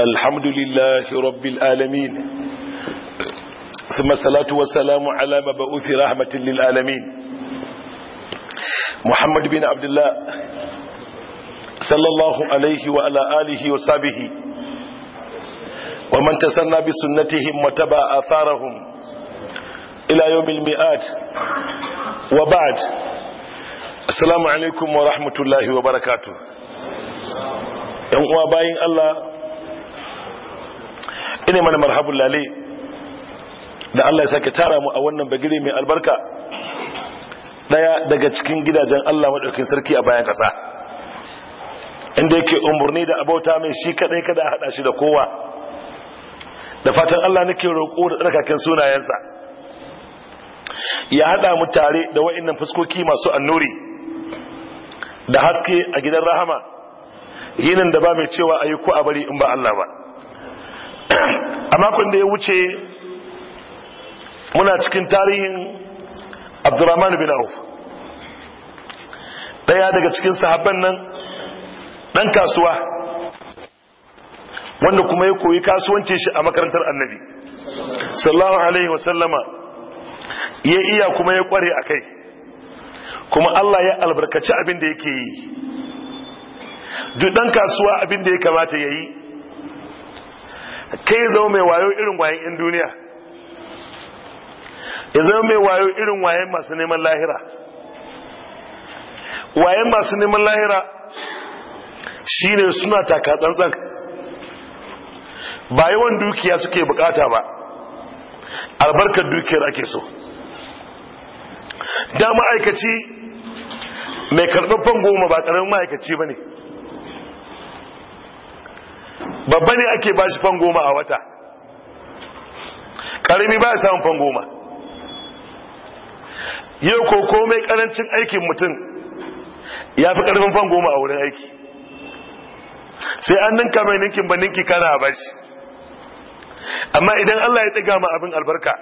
الحمد لله رب العالمين ثم الصلاة والسلام على مبعوث رحمة للعالمين محمد بن عبد الله صلى الله عليه وعلى آله وصحبه ومن تسنى بسنتهم وتبع آثارهم إلى يوم المئات وبعد السلام عليكم ورحمة الله وبركاته yan uwa bayin Allah ina mana marhabun lale da Allah ya sake tara mu a wannan bagire mai albarka daya daga cikin gidajen Allah madaukakin sarki a bayan kasa inda yake umurni da abauta mai shi kadai kada a hada shi da kowa da fatan Allah nake roƙo da tsarkaken sunayensa ya hada mu tare da wa'annan fuskoki masu annuri da haske a gidan rahama yinin da ba mai cewa ayi ko a bari in ba Allah ba a makon da ya wuce muna cikin tarihin abdurrahman bin auf daya daga cikin sahabban nan dan kasuwa wanda kuma ya koyi kasuwancin shi a makarantar annabi sallallahu alaihi wasallama ya iya kuma ya kware a kai kuma allah ya albarkaci abin da yake yi duk dan kasuwa abin da ya kamata ya yi kai zama mai wayo irin wayan in duniya ya zama mai wayo irin wayan masu neman lahira wayan masu neman lahira shine suna taka tsantsan ba yawan dukiya suke bukata ba albarkar dukiyar ake so da ma'aikaci mai karɓar goma ba ƙaramin ma'aikaci ba ne babba ne ake ba shi fangoma a wata karami ba samun fangoma. yau ko komai karancin aikin mutum ya fi karfin fangoma a wurin aiki sai an ninka mai ninkin ba ninki kana ba shi amma idan Allah ya ɗiga ma abin albarka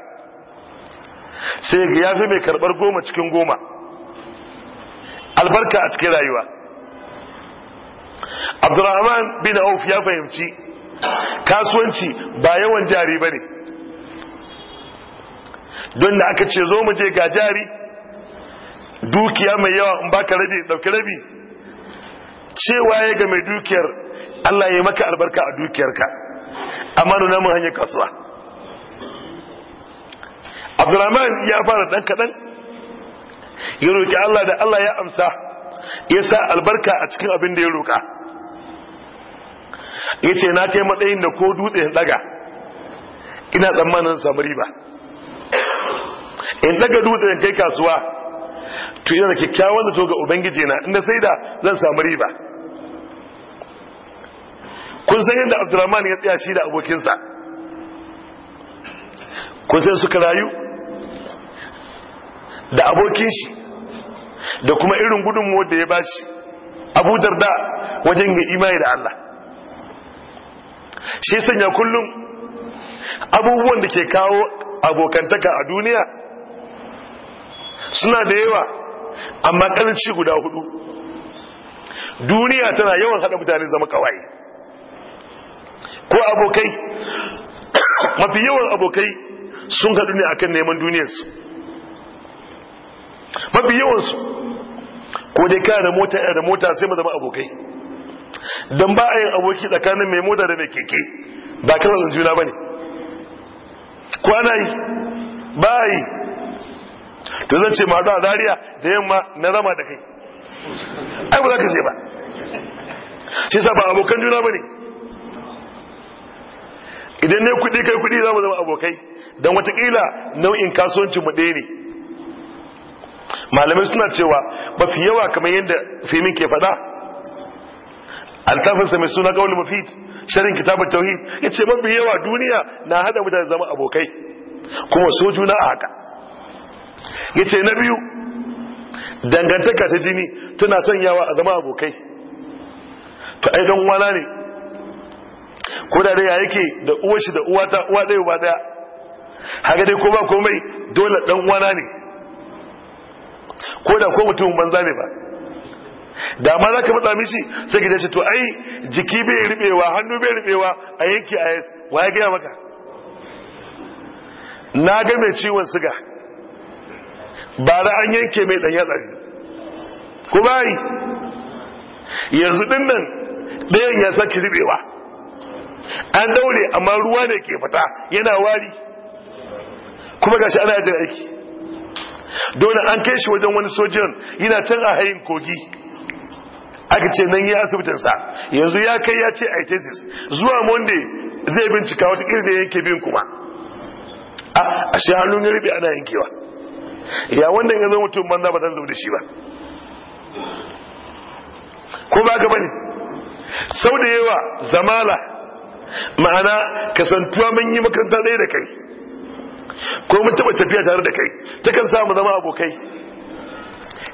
sai ya fi mai karbar goma cikin goma albarka a cikin rayuwa abdurrahman bin auf ya fahimci kasuwanci ba yawan jari bane, don da aka ce zo mu je ga jari dukiya mai yawa in baka rabi dauki rabi cewa ya ga mai dukiyar Allah ya maka albarka a dukiyarka amma nuna mun hanyar kasuwa abdurrahman ya fara dan kadan ya roki Allah da Allah ya amsa ya sa albarka a cikin abin da ya roƙa ya ce na kai matsayin da ko dutse in ɗaga ina tsammanin samu riba in daga dutse in kai kasuwa to yana kyakkyawan zato ga ubangiji na inda sai da zan samu riba kun san yadda abdulrahman ya tsaya shi da abokinsa kun san suka rayu da abokin shi da kuma irin mu da ya bashi abu darda wajen ga imani da Allah shi sanya kullum abubuwan da ke kawo abokantaka a duniya suna da yawa amma karanci guda hudu duniya tana yawan hada mutane zama kawai ko abokai mafi yawan abokai sun haɗu ne akan neman duniyarsu mafi yawansu ko dai ka da mota da mota sai mu zama abokai dan ba a yin aboki tsakanin mai mota da mai keke ba kan zan juna bane kwana yi ba yi to zan ce mazu a zariya da yamma na zama da kai ai ba za ka ce ba shi sa ba abokan juna bane idan ne kuɗi kai kuɗi za mu zama abokai don watakila nau'in kasuwancin mu ɗaya ne malamai suna cewa mafi yawa kamar yadda fimin ke faɗa altafinsa mai suna kawai mafid sharin kitabun tauhid ya ce mafi yawa duniya na hada mutane zama abokai kuma so juna a haka ya ce na biyu dangantaka ta jini tana son yawa a zama abokai to ai don wana ne ko da ya yake da uwa shi da uwa ta uwa ɗaya ba ɗaya haka dai ko ba komai dole dan wana ne ko da ko mutum banza ne ba da ma za ka matsa mishi sai ka ce to ai jiki bai ribewa hannu bai rubewa a yanki a yas wa ya gaya maka na ga mai ciwon siga ba da an yanke mai ɗan tsari. ko bayi yanzu ɗin nan ɗayan ya saki ribewa an daure amma ruwa ne ke fata yana wari kuma gashi ana yajin aiki dole an kai shi wajen wani sojan yana can a hayin kogi aka ce nan ya asibitinsa yanzu ya kai ya ce aitesis zuwa monday zai bincika wata kirda yanke bin kuma a shi hannun ya rufe ana yankewa ya wanda ya zo mutum banza ba zan zo da shi ba ko ba ka bane sau da yawa zamala ma'ana kasantuwa mun yi makaranta ɗaya da kai ko mun taba tafiya tare da kai ta kan samu zama abokai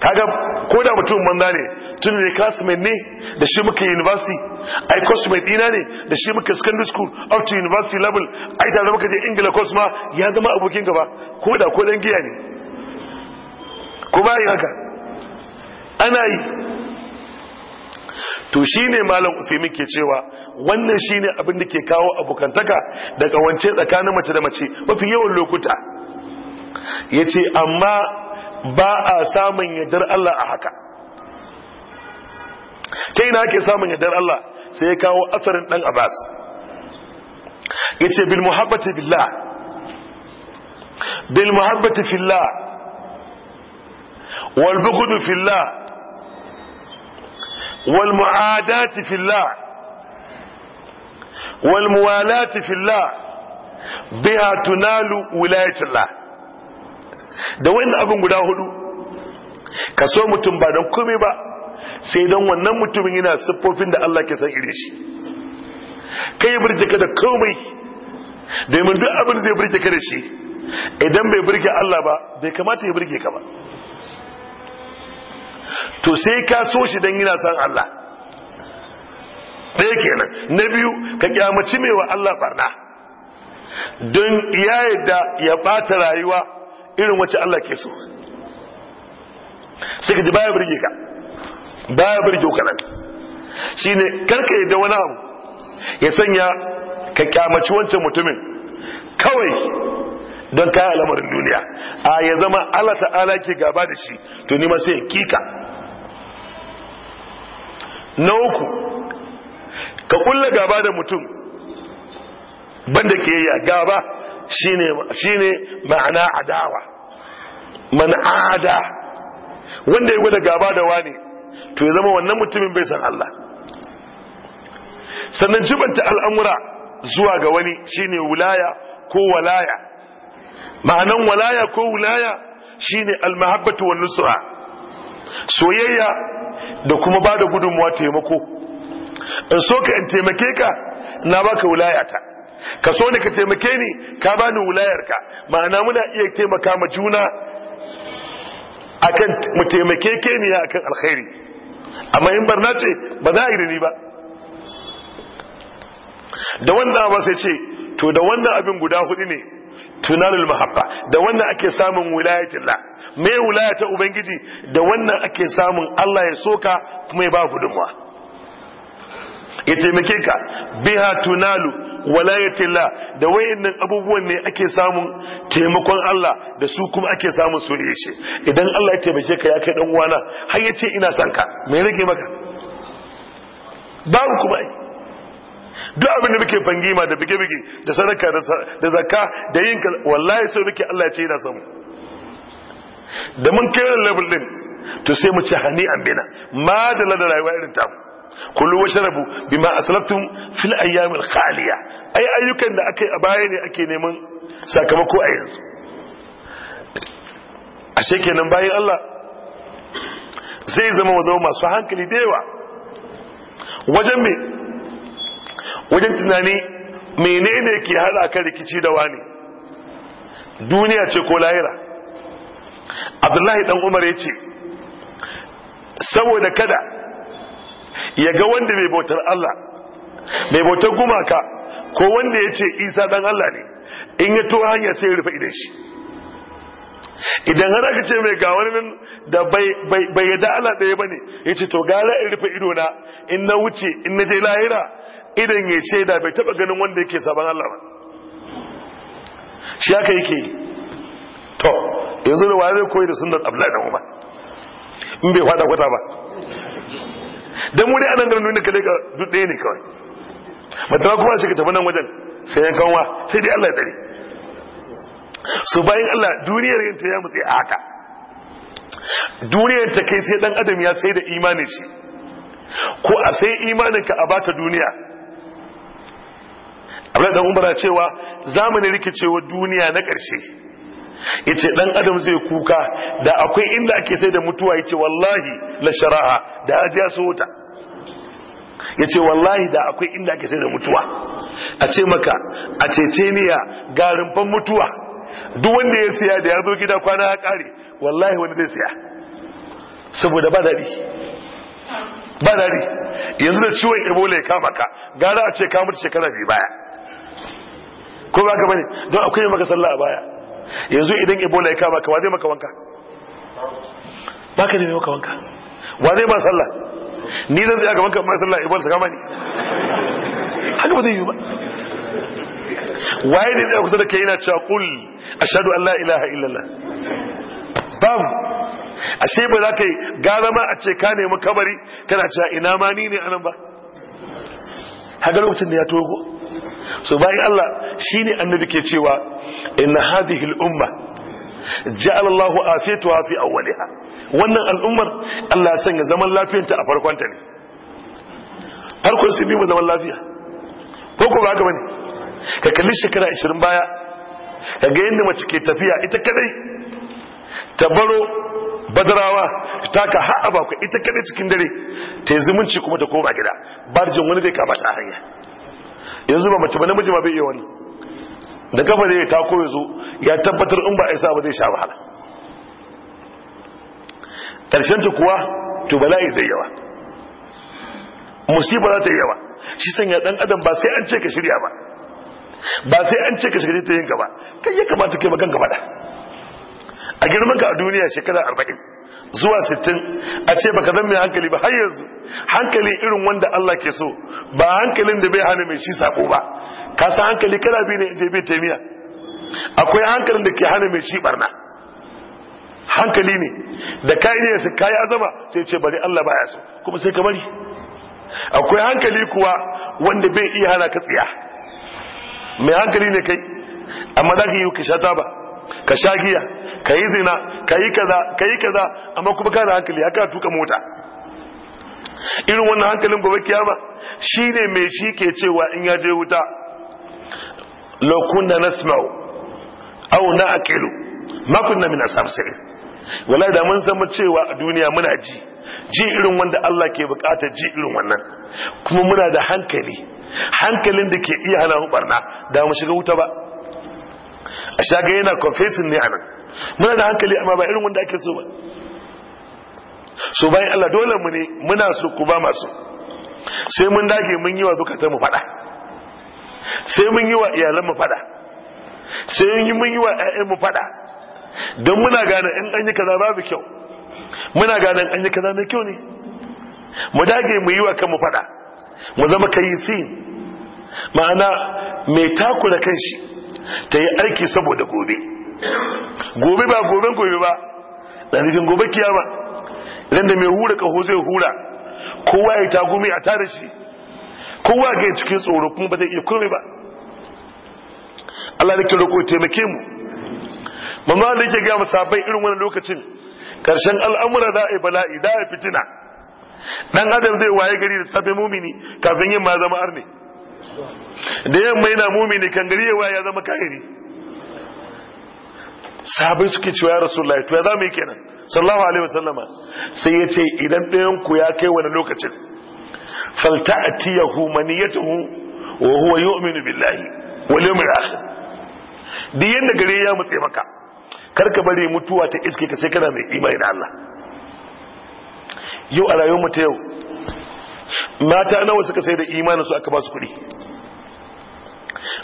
kaga ko da mutum manza ne tun ne classmate ne da shi muka university ai course mai dina ne da shi muka secondary school up to university level ai da muka je ingila course ma ya zama abokin gaba ko da ko dan giya ne ko ba yi haka ana yi to ne malam usaimin ke cewa wannan shine abin da ke kawo abokantaka daga wance tsakanin mace da mace mafi yawan lokuta yace amma ba a samun yadar Allah a haka ta ina ake samun yadar Allah sai ya kawo asarin dan Abbas yace bil muhabbati billah bil muhabbati fillah wal bugudu fillah wal mu'adati fillah wal muwalati fillah biha tunalu wilayatullah da wannan abin guda hudu ka so mutum ba don komai ba sai don wannan mutumin yana siffofin da Allah ke san ire shi kai burje ka da komai domin duk abin zai burge ka da shi idan bai burge Allah ba bai kamata ya burge ka ba to sai ka so shi don yana san Allah ɗaya kenan na biyu ka kyamaci mai wa Allah barna don ya yadda ya ɓata rayuwa irin wacce Allah ke so sai ka ji baya birge ka baya birge ka nan shi ne karka yadda wani abu ya sanya ka kyamaci wancan mutumin kawai don kayan lamarin duniya a ya zama Allah ta'ala ke gaba da shi to nima sai kika na uku ka kulla gaba da mutum banda ke yi gaba shine ma'ana adawa man'ada ada wanda ya gwada gaba da wani to ya zama wannan mutumin bai san Allah sannan jibanta al'amura zuwa ga wani shine wulaya ko walaya ma'anan walaya ko wulaya shine al-mahabbatu wan nusra soyayya da kuma ba da gudunmuwa taimako in so ka in taimake ka na baka wulayata ka so ne ka taimake ni ka bani wulayarka ma'ana muna iya taimaka ma juna akan mu taimake ke akan alkhairi amma in barna ce ba za a yi da ni ba da wannan ba sai ce to da wannan abin guda hudu ne tunanul mahabba da wannan ake samun wilayatillah mai wulaya ta ubangiji da wannan ake samun Allah ya soka kuma ya ba gudunwa ya taimake ka biha tunalu walayatillah da wayannan abubuwan ne ake samun taimakon Allah da su kuma ake samun soyayya shi idan Allah ya taimake ka ya kai dan uwana har yace ina son ka me rike maka babu kuma yi, duk abin da muke fangima da bige-bige da sadaka da zakka da yin wallahi so muke Allah ya ce yana son mu da mun kai level din to sai mu ci hani an bina ma da lada rayuwa irin ta kullu washrabu bima aslaftum fil ayyam al khaliya ai ayyukan da akai a baya ne ake neman sakamako a yanzu ashe kenan bayan Allah zai zama wazo masu hankali da yawa wajen me wajen tunani menene ke hada ka rikici da wani duniya ce ko lahira abdullahi dan umar ya ce saboda kada ya ga wanda mai bautar allah mai bautar gumaka ko wanda ya ce isa dan allah ne in ya to hanya sai ya rufe idan shi idan har aka ce mai ga da bai yada Allah ɗaya ba ne ya ce to gara in rufe ido na, in na wuce in na je lahira idan ya shaida bai taba ganin wanda yake saban Allah ba shi aka yake yi to yanzu da waye zai koyi da sunnar abdullahi dan umar in bai fada kwata ba dan mu dai anan garin duniya kale ka dudde ne kawai matawa kuma shi ka tafi nan wajen sai yan kanwa sai dai Allah ya dare su bayan Allah duniyar yin ta ya mutse a haka duniyar ta kai sai dan adam ya sai da imanin shi ko a sai imanin ka a baka duniya abdullahi dan umar cewa zamanin rikicewa duniya na ƙarshe yace dan adam zai kuka da akwai inda ake sai da mutuwa yace wallahi la shara'a da ajiya su wuta yace wallahi da akwai inda ake sai da mutuwa a ce maka a niya garin fan mutuwa duk wanda ya siya da ya zo gida kwana ya kare wallahi wani zai siya saboda ba dadi ba dadi yanzu da ciwon ebola ya kama ka gara a ce ka mutu shekara biyu baya ko ba ka bane don akwai maka sallah a baya yanzu idan ebola ya kama ka wa zai maka wanka ba ka nemi maka wanka wa zai ba sallah ni zan zai a gaban kamar sallah ebola ta kama ni haka ba zai yi ba waye ne zai kusa da kai yana cewa kul a shaɗu Allah, ilaha illallah babu ashe ba za ka yi gara ma a ce ka nemi kamari? kana cewa ina ma ni ne anan ba haka lokacin da ya togo so bayan Allah shi ne annabi ke cewa inna hadhihi al-umma ja'ala Allahu afiyatuha fi awwaliha wannan al'ummar Allah ya sanya zaman lafiyanta a farkon ta ne farkon su bi zaman lafiya ko ko ba ka ka kalli shekara 20 baya ka ga yadda mace ke tafiya ita kadai ta baro badarawa ta ka haɓa ku ita kadai cikin dare ta yi zumunci kuma ta koma gida barjin wani zai kama ta hanya yanzu ba mace ba namiji ba bai iya wani da kafa zai ta koyo zo ya tabbatar in ba isa ba zai sha wahala karshen ta kuwa to bala'i zai yawa musiba za ta yawa shi sanya dan adam ba sai an ce ka shirya ba ba sai an ce ka shirya ta yin gaba kai ya kamata kai magan gaba da a girman ka a duniya shekara arba'in zuwa 60 a ce baka zan mai hankali ba har yanzu hankali irin wanda Allah ke so ba hankalin da bai hana mai shi sako ba ka san hankali kada bi ne je bai taimiya akwai hankalin da ke hana mai shi barna hankali ne da kai ne su kai azama sai ce bari Allah baya so kuma sai ka bari akwai hankali kuwa wanda bai iya hana ka tsiya mai hankali ne kai amma za ka yi ka sha taba ka sha giya ka yi zina ka yi kaza ka yi kaza amma kuma kana hankali haka tuka mota irin wannan hankalin gobe kiyama shine mai shi ke cewa in ya je wuta law kunna nasma'u aw na'qilu ma kunna min asabsirin wallahi da mun zama cewa a duniya muna ji ji irin wanda Allah ke bukata ji irin wannan kuma muna da hankali hankalin da ke iya hana mu barna da mu shiga wuta ba a shaga yana confessing ne anan muna da hankali amma ba irin wanda ake so ba so bayan Allah dole mu ne muna so ku ba masu sai mun dage mun yi wa zukata mu fada sai mun yi wa iyalan mu fada sai mun yi wa ƴaƴan mu fada don muna gane in an yi kaza babu kyau muna gane in an yi kaza na kyau ne mu dage mu yi wa kanmu fada mu zama sin ma'ana mai takura kanshi ta yi aiki saboda gobe gobe ba goben gobe ba ɗanifin gobe kiyama idan da mai hura kaho zai hura kowa ya ta gumi a tare shi kowa ga cikin tsoro kuma ba zai iya kome ba Allah da ke roƙo taimake mu mamma da yake gaya musabbai irin wani lokacin karshen al'amura za a yi bala'i za a fitina dan adam zai waye gari da safe mumini kafin yin ma zama arne da yamma yana mumini kan gari ya waye ya zama kahiri sabai suke cewa ya rasulullahi to ya za mu yi kenan sallallahu alaihi wasallama sai ya ce idan ɗayan ku ya kai wani lokacin falta'tiyahu maniyatuhu wa huwa yu'minu billahi wal yawmil akhir da yanda gare ya mutse maka karka bari mutuwa ta iske ka sai kana mai imani da Allah yau a rayuwar mu ta yau mata nawa suka sai da imani su aka ba su kuɗi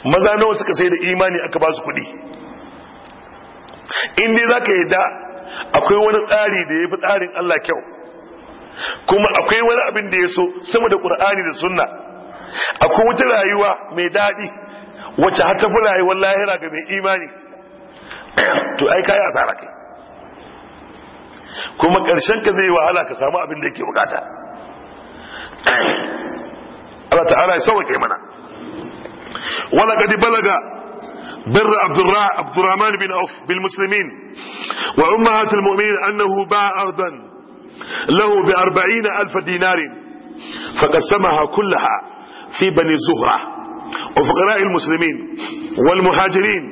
maza nawa suka sai da imani aka ba su kuɗi in dai za ka yadda akwai wani tsari da ya fi tsarin Allah kyau kuma akwai wani abin da ya so sama da ƙur'ani da sunna akwai wata rayuwa mai daɗi wacce har tafi rayuwar lahira ga mai imani to ai kayi asara kai kuma ƙarshen ka zai wahala ka samu abin da yake bukata Allah ta'ala ya sauke mana wala gadi balaga بر عبد الرحمن بن عوف بالمسلمين وأمهات المؤمنين أنه باع أرضا له بأربعين ألف دينار فقسمها كلها في بني زهرة وفقراء المسلمين والمهاجرين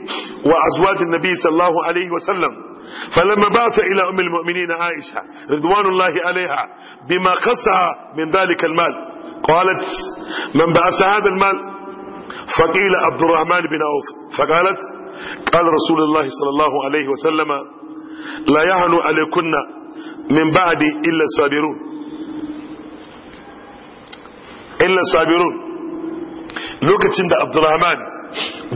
وأزواج النبي صلى الله عليه وسلم فلما بعث إلى أم المؤمنين عائشة رضوان الله عليها بما قصها من ذلك المال قالت من بعث هذا المال فقيل عبد الرحمن بن عوف فقالت قال رسول الله صلى الله عليه وسلم لا يهن عليكن من بعد إلا الصابرون lokacin da abdurrahman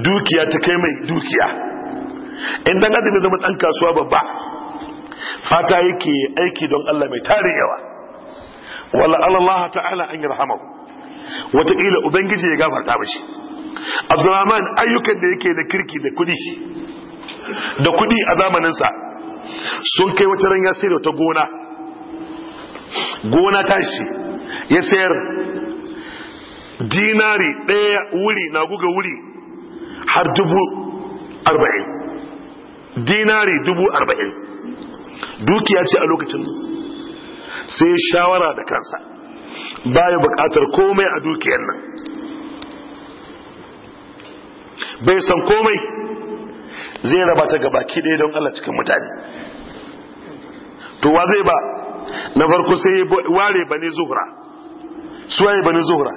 dukiya ta kai mai dukiya in dan adam zama ɗan kasuwa babba fata yake aiki don Allah mai tari yawa wala Allah ta'ala an yarhamahu wataƙila ubangiji ya gafarta mashi abdurrahman ayyukan da yake da kirki da kudi da kudi a zamaninsa sun kai wata ran ya sayar wata gona gona tashi ya sayar dinari ɗaya wuri na guga wuri har dubu arba'in dinari dubu arba'in dukiya ce a lokacin sai shawara da kansa baya bukatar komai a dukiyar nan bai san komai zai raba ta ga baki don Allah cikin mutane to wa zai ba na farko sai ware bane zuhura suwaye bane zuhura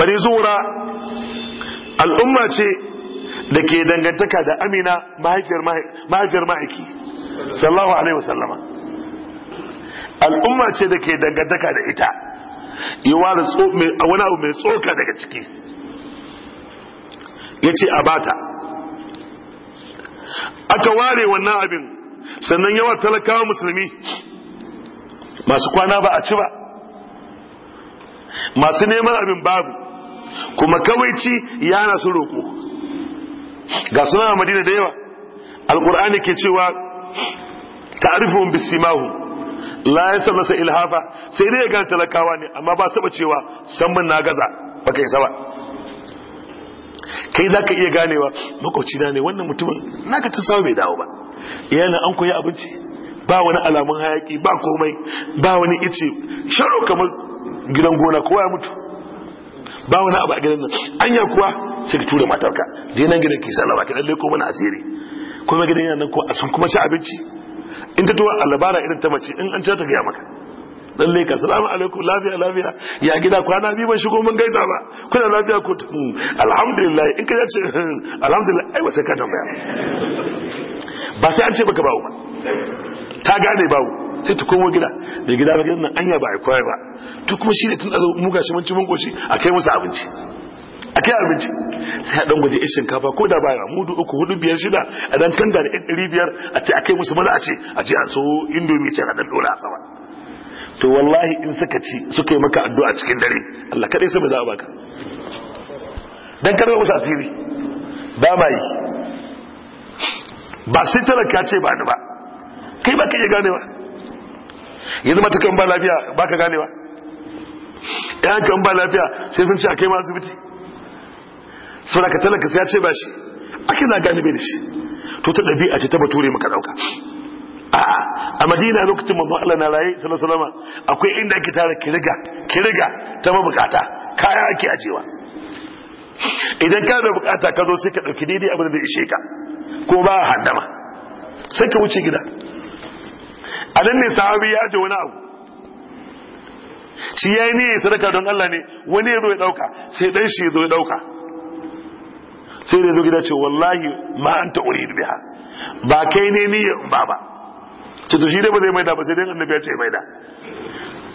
bane zuhura al'umma ce da ke dangantaka da amina mahaifiyar ma'aiki sallahu alaihi wasallama al'umma ce da ke dangantaka da ita yi wani abu mai tsoka daga ciki ya ce a bata aka ware wannan abin sannan yawa talakawa musulmi masu kwana ba a ci ba masu neman abin babu kuma kawai ci yana su roƙo ga suna a madina da yawa Alƙur'ani ke cewa ta'arifun bisimahu la ya masa ilhafa sai dai ya gani talakawa ne amma ba taɓa cewa samun na gaza baka yi sawa kai za ka iya ganewa makwaci na ne wannan mutumin naka ta samu bai dawo ba yana an koyi abinci ba wani alamun hayaki ba komai ba wani ice sharo kamar gidan gona kowa ya mutu ba wani abu a gidan nan anya kuwa sai ka tura matarka je nan gidan ki sallama lalle ko mana asiri kuma gidan yana nan ko a sun kuma ci abinci in ta tuwa alabara irin ta mace in an ci ta gaya maka dan leka salamu alaikum lafiya lafiya ya gida kwana biyu ban shigo mun gaisa ba kuna lafiya ku hmm. alhamdulillah in ka ce hmm, alhamdulillah ai ba sai ka tambaya ba sai an ce baka bawo ba ta gane bawo sai ta komo gida da gida ba gidan nan anya ba ai koyar ba to kuma shi ne tun da mu gashi mun ci mun koshi akai musu abinci akai abinci sai a dan guje ishin kafa ko da baya mudu uku hudu biyar shida a dan kanga da 500 a ce akai musu mana a ce a ce a so indomi ce a dan dora sama to wallahi in suka ci suka yi maka addu'a cikin dare Allah kadai sai bai za a baka dan karbe musu asiri ba ma yi ba sai talaka ce ba ni ba kai ba ka iya ganewa yanzu kan ba lafiya ba ka ganewa yan kan ba lafiya sai sun ce a kai ma asibiti sau da ka talaka sai ya ce ba shi ake na gane bai da shi to ta ɗabi'a ce ta bature maka ɗauka a madina lokacin manzon Allah na raye sallallahu akwai inda ake tara kiriga kiriga ta mabukata kaya ake ajewa idan ka da bukata ka zo sai ka ɗauki daidai abin da zai ishe ka ko ba haddama sai ka wuce gida a nan ne sahabi ya ji wani abu shi yayi ne sadaka don Allah ne wani ya zo ya dauka sai dan shi ya zo ya dauka sai ya zo gida ce wallahi ma anta uridu biha ba kai ne ni ba ba ce to shi dai ba zai maida ba sai dai annabi ya ce maida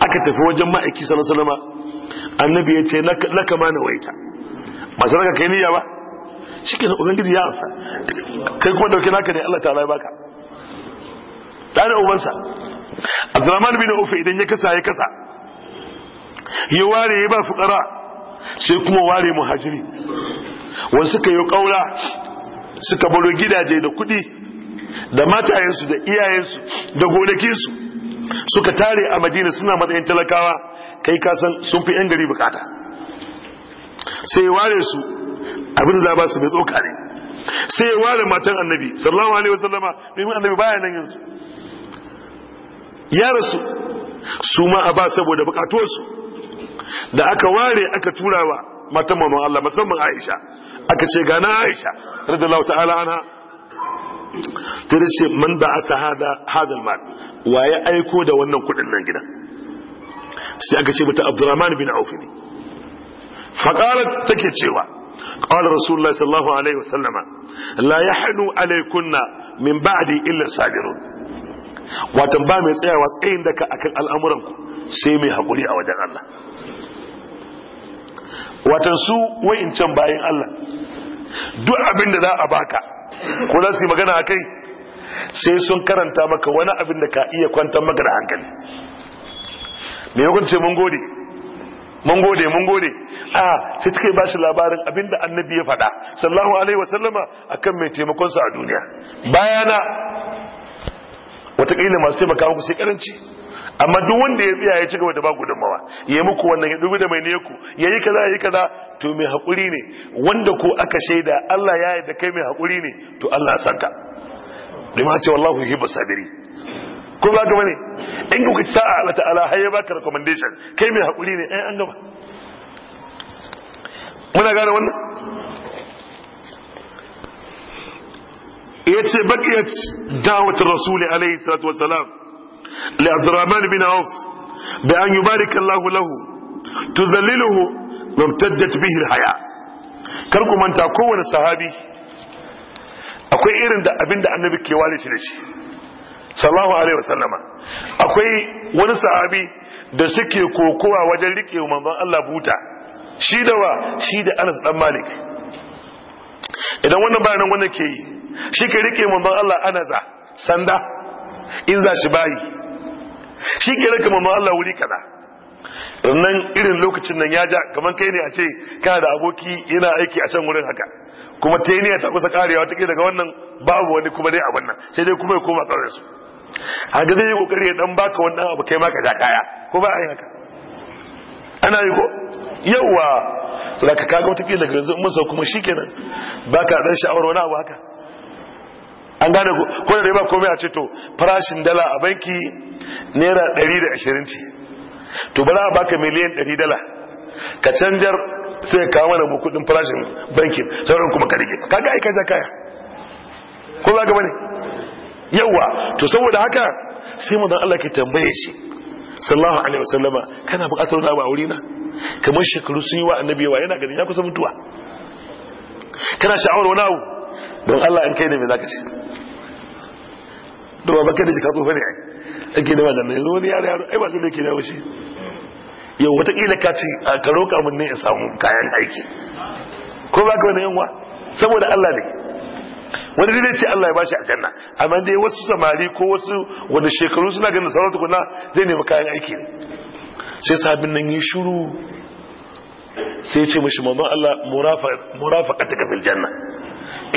aka tafi wajen ma'aiki sallallahu alaihi wasallam annabi ya ce laka ma nawaita ba sai kai niyya ba shikenan ubangiji ya ansa kai kuma dauke naka ne Allah ta'ala ya baka tare ubansa Abdurrahman bin Auf idan ya kasa ya kasa ya ware ya ba fukara sai kuma ware muhajiri wani suka yi kaura suka baro gidaje da kudi da matayensu da iyayensu da gonakinsu suka tare a madina suna matsayin talakawa kai kasan sun fi 'yan gari bukata sai ware su abin za ba su mai tsoka ne sai ya ware matan annabi sallallahu alaihi wasallama domin annabi baya nan yanzu ya rasu su ma a ba saboda bukatuwarsu da aka ware aka turawa matan mamman Allah musamman Aisha aka ce gana Aisha radiyallahu ta'ala anha ta ce man wa ya aiko da wannan kudin nan gida sai aka ce mata abdurrahman bin auf ne faqalat take cewa qala rasulullahi sallallahu alaihi wasallama la yahnu alaykunna min ba'di illa sabirun wato ba mai tsayawa tsayin daka akan al'amuran ku sai mai hakuri a wajen Allah wato su wa'incan bayin Allah duk abin da za a baka ko za su yi magana a kai sai sun karanta maka wani abin da ka iya kwantar maka da hankali mai yakan ce mun gode mun gode mun gode a sai take ba shi labarin abin da annabi ya faɗa sallahu alaihi wasallama akan mai taimakonsa a duniya bayana wataƙila masu taimaka muku sai karanci amma duk wanda ya tsaya ya ci gaba da ba gudunmawa ya muku wannan ya dubi da mai ne ku ya yi kaza ya yi kaza to mai haƙuri ne wanda ko aka shaida Allah ya yadda kai mai haƙuri ne to Allah san ka lima ce wallahu yuhibbu sabiri ko ba ga ne? in kuka sa'a Allah ta'ala har ya baka recommendation kai mai haƙuri ne ai eh, an gaba muna gane wannan yace bakiyat da'wat rasul alayhi salatu wassalam li abdurrahman bin auf bi an yubarik Allah lahu tuzalliluhu mabtajjat bihi haya kar ku manta kowane sahabi akwai irin da abin da annabi ke wale shi da shi sallallahu alaihi wasallama akwai wani sahabi da suke kokowa wajen rike manzon Allah buta shi da wa shi da Anas dan Malik idan wannan bayanan wannan ke yi shi ke rike manzon Allah anaza sanda in za shi bayi shi ke rike manzon Allah wuri kaza nan irin lokacin nan ya ja kamar kai ne a ce kana da aboki yana aiki a can wurin haka kuma ta yi ta kusa karewa take daga wannan babu wani kuma dai a wannan sai dai kuma ya koma tsarar su haka zai yi kokari ya dan baka wannan abu kai maka ka kaya ko ba a yi haka ana yi ko yawwa saboda ka kaga wata kila daga yanzu mun sau kuma shikenan baka dan sha'awar wani abu haka an gane ko da ba komai a ce to farashin dala a banki naira 120 ce to bari a baka miliyan 100 dala ka canjar sai ka mana mu kudin farashin bankin sauran kuma ka rike kaga ai kai zakaya ko za ka bane yawa to saboda haka sai mu dan Allah ke tambaye shi sallallahu alaihi wasallama kana buƙatar da ba wurina kamar shekaru sun yi wa annabi wa yana ganin ya kusa mutuwa kana sha'awar wani abu don Allah an kai ne me zaka ce to ba ka da ka tsofa ne ai ake da wajen yanzu wani yare yaro ai ba zai ke da shi yau watakila ka ce a karo kamun ne ya samu kayan aiki ko ba ka wani yanwa saboda allah ne wani zai ce allah ya bashi a janna amma dai wasu samari ko wasu wani shekaru suna ganin sauran tukuna zai nema kayan aiki ne sai sabin nan yi shuru sai ce mashi mamman allah murafaka ta kafin janna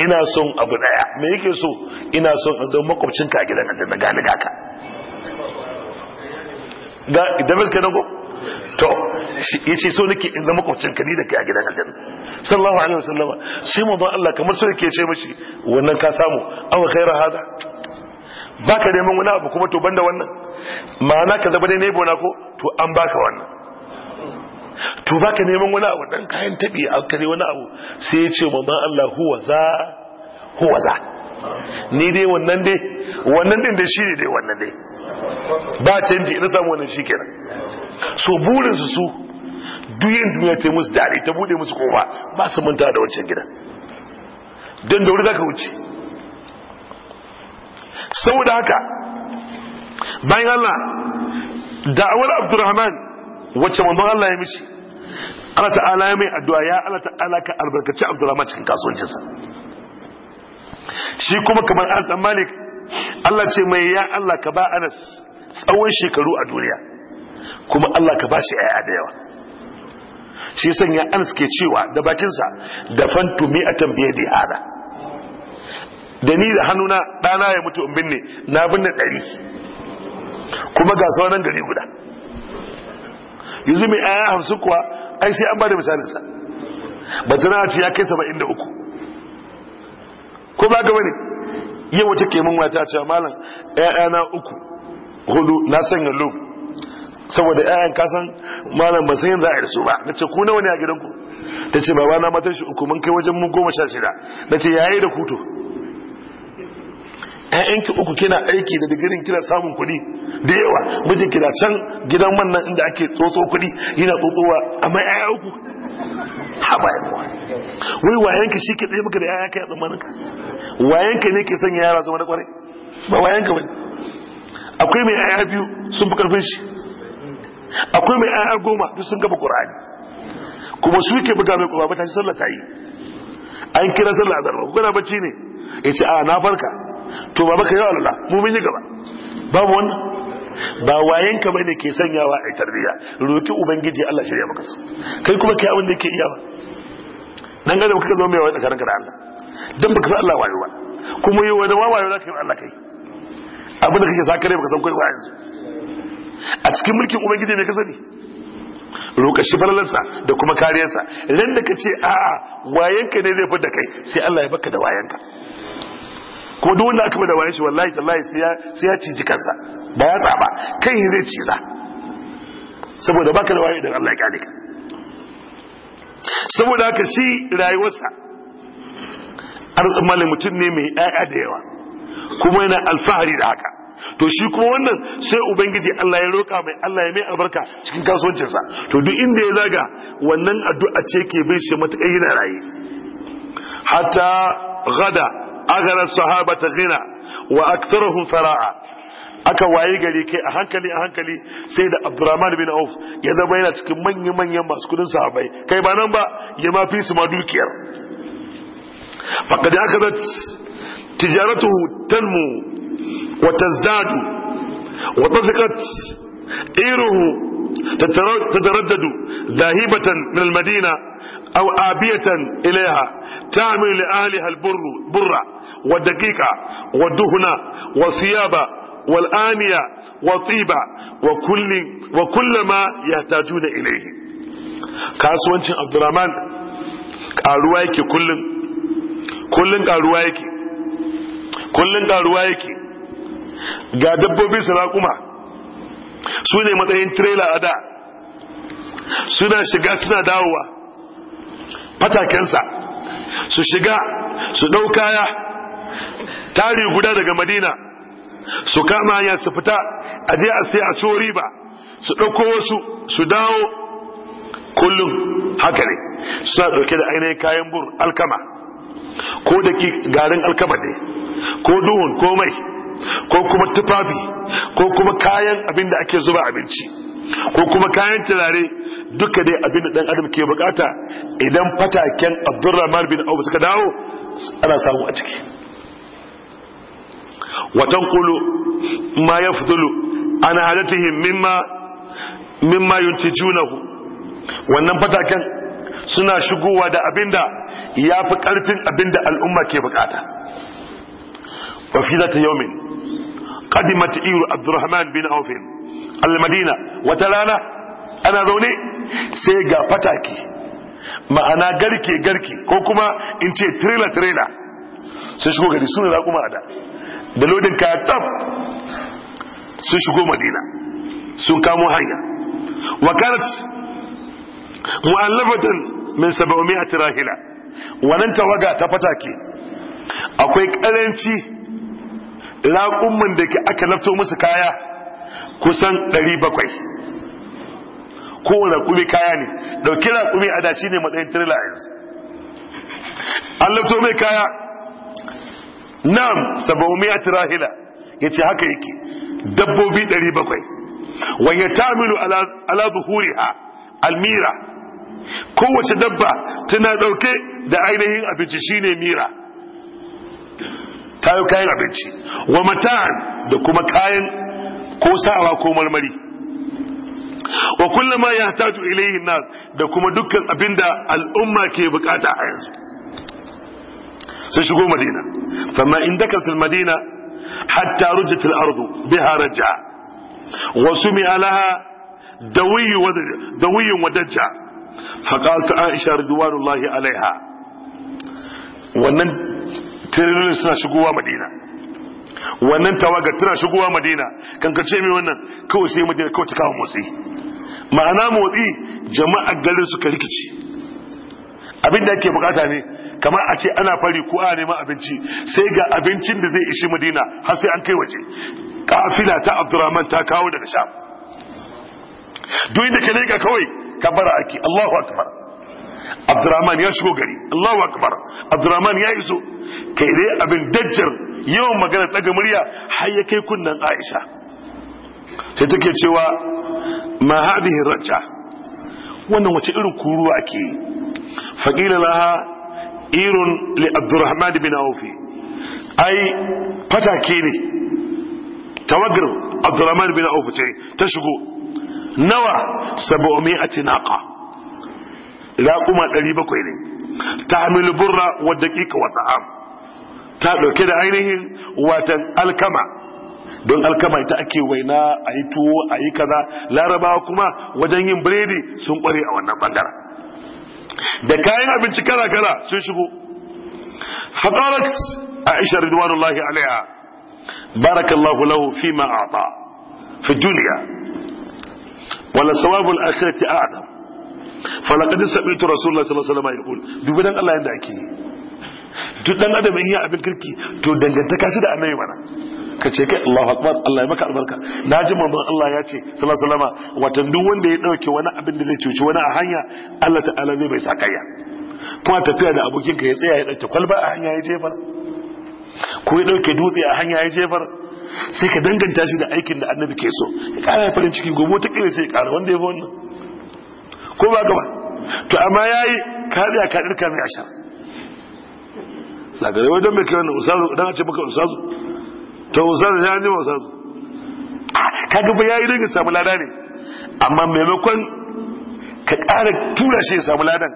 ina son abu daya me yake so ina son a zama makwabcinka a gidan aljanna gani gaka da damis kenan ko to ce so nake in zama kwacin kani da kai a gidan aljanna sallallahu alaihi wasallama sai mu don Allah kamar so yake ce mishi wannan ka samu aw khaira hada baka neman wani abu kuma to banda wannan ma'ana ka zaba dai ne bona ko to an baka wannan to baka neman wani abu dan kayan tabi kare wani abu sai ya ce mu don Allah huwa za huwa za ni dai wannan dai wannan din da shi ne dai wannan dai ba canji ina samu wannan shi kenan so burin su su duyin duniya ta musu daɗi ta buɗe musu koma ba su manta da wancan gidan don da wuri za ka wuce saboda haka bayan Allah da'awar Abdurrahman wacce manzon Allah ya mishi Allah ta'ala ya mai addu'a ya Allah ta'ala ka albarkaci Abdurrahman cikin kasuwancinsa shi kuma kamar an Malik Allah ce mai ya Allah ka ba Anas tsawon shekaru a duniya kuma Allah ka ba shi ƴaƴa da yawa shi sanya Anas ke cewa da bakinsa da fantu a tambaye da hada da ni da hannuna ɗana ya mutu in binne na binne ɗari kuma ga sauran gari guda yanzu mai ƴaƴa hamsin kuwa ai sai an ba da misalinsa batana ce ya kai saba'in uku ko ba gaba ne yau wata ke mun mata cewa malam ƴaƴana uku hudu na sanya lub saboda ƴaƴan kasan malam ba san za a irsu ba nace ku nawa ne a gidanku tace baba na matan shi uku mun kai wajen mu goma sha shida nace yayi da kuto ƴaƴanki uku kina aiki da digirin kina samun kuɗi da yawa mijin kina can gidan wannan inda ake tsotso kuɗi yana tsotsowa amma ƴaƴa uku haba yawa wai wayanka shi ke ɗaya maka da ƴaƴa kai a tsammanin ka wayanka ne ke sanya yara zama da kware ba wayanka ba akwai mai ayya biyu sun fi karfin shi akwai mai ayya goma duk sun gaba ƙura'ani kuma su ke buga mai qur'ani ba ta shi sallah ta yi an kira sallah zarra ku gana bacci ne ce a na farka to baba ka yi Allah mu mun yi gaba babu wannan ba wayanka bane ke sanyawa a tarbiyya roki ubangiji Allah shirya maka su kai kuma kai abin da yake iyawa dan gane kuka zama mai waya karanka da Allah don baka san Allah wayo ba kuma yi wani wawayo za ka yi Allah kai abin da kake sa kare baka san kai yanzu a cikin mulkin ubangiji ne ka sani shi falalarsa da kuma kariyarsa ran da ka ce a'a wayanka ne zai fada kai sai Allah ya baka da wayanka kuma duk wanda aka bada wayan shi wallahi tallahi sai ya ci jikarsa ba ya tsaba kan yi zai ciza saboda baka da wayo idan Allah ya kare ka saboda haka shi rayuwarsa arzumali mutum ne mai ƴaƴa da yawa kuma yana alfahari da haka to shi kuma wannan sai ubangiji Allah ya roƙa mai Allah ya mai albarka cikin kasuwancinsa to duk inda ya zaga wannan addu'a ce ke bin shi matakai yana raye hatta gada agara sahaba ta gina wa aktharuhum fara'a aka waye gari kai a hankali a hankali sai da Abdurrahman bin Auf ya zama yana cikin manyan manyan masu kudin sahabbai kai ba nan ba ya ma fi su ma dukiyar فقد أخذت تجارته تنمو وتزداد وطفقت إيره تتردد ذاهبة من المدينة أو آبية إليها تعمل لأهلها البر برة والدقيقة والدهنة والثيابة والآنية والطيبة وكل, وكل ما يحتاجون إليه كاسوانتي عبد الرحمن قالوا كل kullun karuwa yake kullun karuwa yake ga dabbobi sarakuma su ne matsayin trailer a da suna shiga suna dawowa fatakensa su shiga su ɗau kaya tari guda daga madina su kama hanya su fita a je a sai a ciwo riba su ɗauko wasu su dawo kullum haka ne suna ɗauke da ainihin kayan bur alkama ko da garin alkabade ne ko duhun ko mai ko kuma tufafi ko kuma kayan abin da ake zuba abinci ko kuma kayan turare duka dai abin da dan adam ke bukata idan fataken abdurrahman bin abu suka dawo ana samu a ciki watan kulu ma ya fitulu ana halatihim mimma mimma yuntijunahu wannan fataken suna shigowa da abinda ya fi karfin abinda al'umma ke bukata wa fi zata yaumin qadimat iru abdurrahman bin aufin al-madina wata rana ana zaune sai ga fataki ma'ana garke garke ko kuma in ce trailer trailer Sun shigo gari suna da kuma da da lodin kaya tab sun shigo madina sun kamo hanya wakanat mu'allafatan min 700 rahila wannan tawaga ta fatake akwai karanci raƙummin da ke aka lafto musu kaya kusan 700 kowane kumi kaya ne dauki laƙumi a dashi ne matsayin tirila yanzu an lafto mai kaya nam saba'umiyat rahila ya ce haka yake dabbobi 700 wani ya tamilu ala zuhuri ha almira kowace dabba tana dauke da ainihin abinci shine mira yi kayan abinci wa mata da kuma kayan ko sawa ko marmari wa kullama ya tatu ilayhi nas da kuma dukkan abinda al'umma ke bukata a yanzu sai shigo madina famma in dakalat madina hatta rujat al-ardu biha raja wa sumi'a laha dawiy wa dawiy faƙalta aisha rizwanullahi alaiha wannan tiririn suna shigowa madina wannan tawagar tana shigowa madina kankace mai wannan kawai sai madina kawai ta kawo motsi ma'ana motsi jama'a garin suka rikici abin da ake bukata ne kamar a ce ana fari ko a neman abinci sai ga abincin da zai ishi madina har sai an kai waje kafila ta abdurrahman ta kawo daga sha duk inda ka leka kawai kabara ake Allahu akbar Abdurrahman ya shigo gari Allahu akbar Abdurrahman ya iso kai dai abin dajjar yawan magana daga murya har ya kai kunnan Aisha sai take cewa ma hadhihi wannan wace irin kuruwa ake faqila laha irun li Abdurrahman bin Auf ai fatake ne tawagar Abdurrahman bin Auf ce ta shigo nawa sab'umi'ati naqa raquma 700 ne tahmilu burra wa daqiqa wa ta'am ta dauke da ainihin watan alkama don alkama ita ake waina ayi tuwo ayi kaza larabawa kuma wajen yin biredi sun kware a wannan bangaren da kayan abinci kala kala sun shigo faqalat aisha ridwanullahi alaiha barakallahu lahu fima a'ta fi dunya wala sawabul akhirati a'lam falaqad sami'tu rasulullah sallallahu alaihi wasallam yaqul dubi dan Allah yanda ake duk dan adam in abin kirki to dangantaka shi da annabi mana ka ce kai Allahu akbar Allah ya maka albarka na ji manzon Allah ya ce sallallahu alaihi duk wanda ya dauke wani abin da zai cuci wani a hanya Allah ta'ala zai bai sakayya kuma tafiya da abokinka ya tsaya kwalba a hanya ya jefar ya dauke dutse a hanya ya jefar sai ka danganta shi da aikin da annabi ke so ya kara ya farin ciki gobe ta kire sai ya kara wanda ya fi wannan ko ba gaba to amma ya yi kariya ka ɗirka mai asha sakare wajen mai kiran usazu dan a ce maka usazu to usazu ya ne usazu ka gaba ya yi don ya samu lada ne amma maimakon ka ƙara tura shi ya samu ladan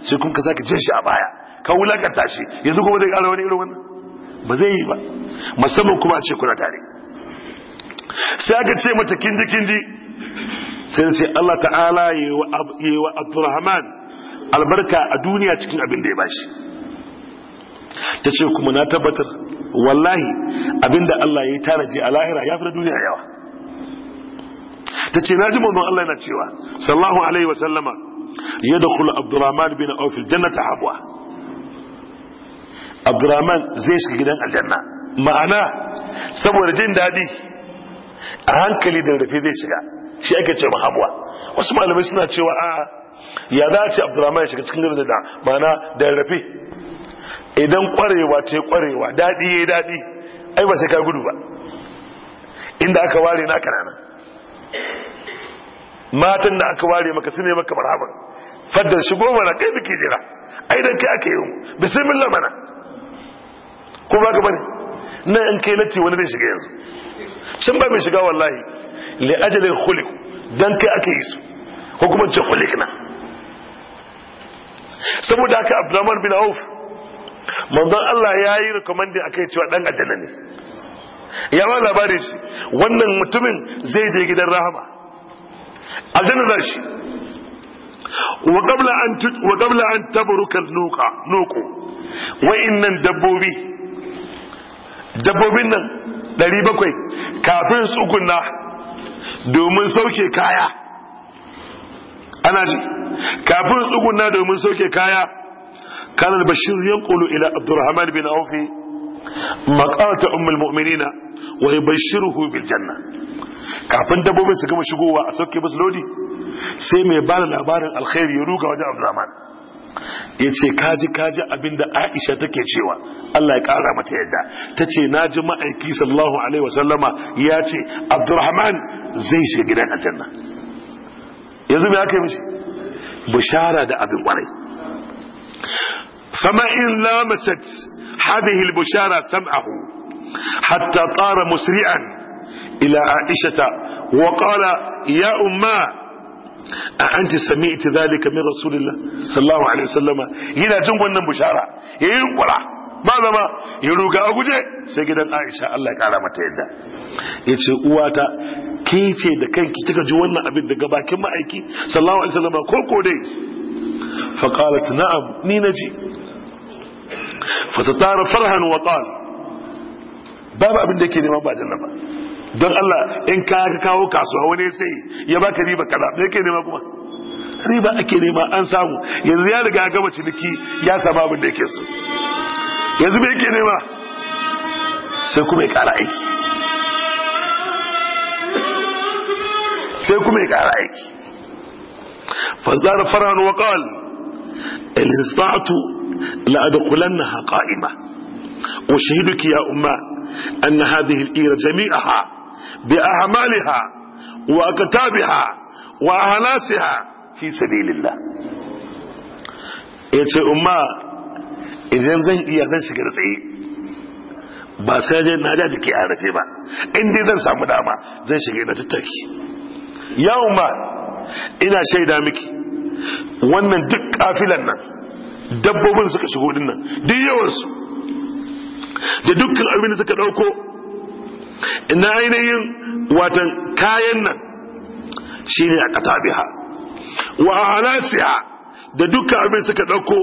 sai kuma ka sake jin shi a baya ka wulakanta shi yanzu kuma zai kara wani irin wannan ba zai yi ba musamman kuma a ce kuna tare sai aka ce mata kinji kinji sai ce Allah ta'ala yi wa Abdurrahman albarka a duniya cikin abin da ya bashi ta ce kuma na tabbatar wallahi abinda Allah ya yi je a lahira ya fi da duniya yawa ta ce na ji manzon Allah yana cewa sallahu alaihi wa sallama yadda kula abdurrahman bin ofis jannata habuwa abdurrahman zai shiga gidan aljanna ma'ana saboda jin daɗi a hankali da rufe zai shiga shi ake ce mahabuwa wasu malamai suna cewa a ya za a ce abdurrahman ya shiga cikin gidan da ma'ana da rufe idan kwarewa yi kwarewa daɗi ya daɗi ai ba sai ka gudu ba inda aka ware na kanana matan da aka ware maka su ne maka marhaban faddar shigo mana kai muke jira ai kai aka yi bismillah mana ko ba ka bane nan in kai latti wani zai shiga yanzu can ba mai shiga wallahi li ajalin khuliq dan kai aka yi su ko kuma ce khuliq na saboda haka Abdurrahman bin Auf manzon Allah ya yi recommending akai cewa dan aljanna ne ya ba labari shi wannan mutumin zai je gidan rahama aljanna da shi wa qabla an tabruka nuqa nuqu wa innan dabbobi dabbobin nan 700 kafin tsukunna domin sauke kaya ana ji kafin tsukunna domin sauke kaya kanar bashir yankulu ila abdurrahman bin aufi makarata umar mu'minina wa ya bil janna kafin dabbobin su gama shigowa a sauke musu lodi sai mai bada labarin alkhairi ya ruga wajen abdurrahman ya ce kaji kaji abinda aisha take cewa Allah ya kara mata yadda ta ce na ji ma'aiki sallallahu alaihi wasallama ya ce abdurrahman zai shiga gidan aljanna yanzu mai aka yi mishi bishara da abin kwarai in lamasat hadhihi al-bushara sam'ahu hatta tara musri'an ila aisha wa qala ya umma a an ti sami ita zalika min rasulillah sallallahu alaihi wasallama yana jin wannan bushara yayi kura ba zama ya ruga a guje sai gidan Aisha Allah ya kara mata yadda yace uwata ke ce da kanki kika ji wannan abin daga bakin ma'aiki sallallahu alaihi wasallama ko ko dai fa qalat na'am ni naji fa tatara farhan wa qala babu abin da yake neman ba jannaba don Allah in ka kawo kasuwa wani sai ya baka riba kaza me yake nema kuma riba ake nema an samu yanzu ya riga gama ciniki ya samu abin da yake so yanzu me yake nema sai kuma ya kara aiki sai kuma ya kara aiki fazara faran wa qal in ista'tu la adkhulannaha qa'ima ushahiduki ya umma hadhihi al-ira jami'aha بأعمالها وأكتابها وأهلاسها في سبيل الله yace umma idan zan iya zan shiga da tsaye ba sai je na ja ke a rafe ba in dai zan samu dama zan shiga da tattaki ya umma ina shaida miki wannan duk kafilan nan dabbobin suka shigo dinnan duk yawansu da dukkan abin da suka dauko Ina ainihin watan kayan nan shine a biha, wa halasiha da duka abin suka dauko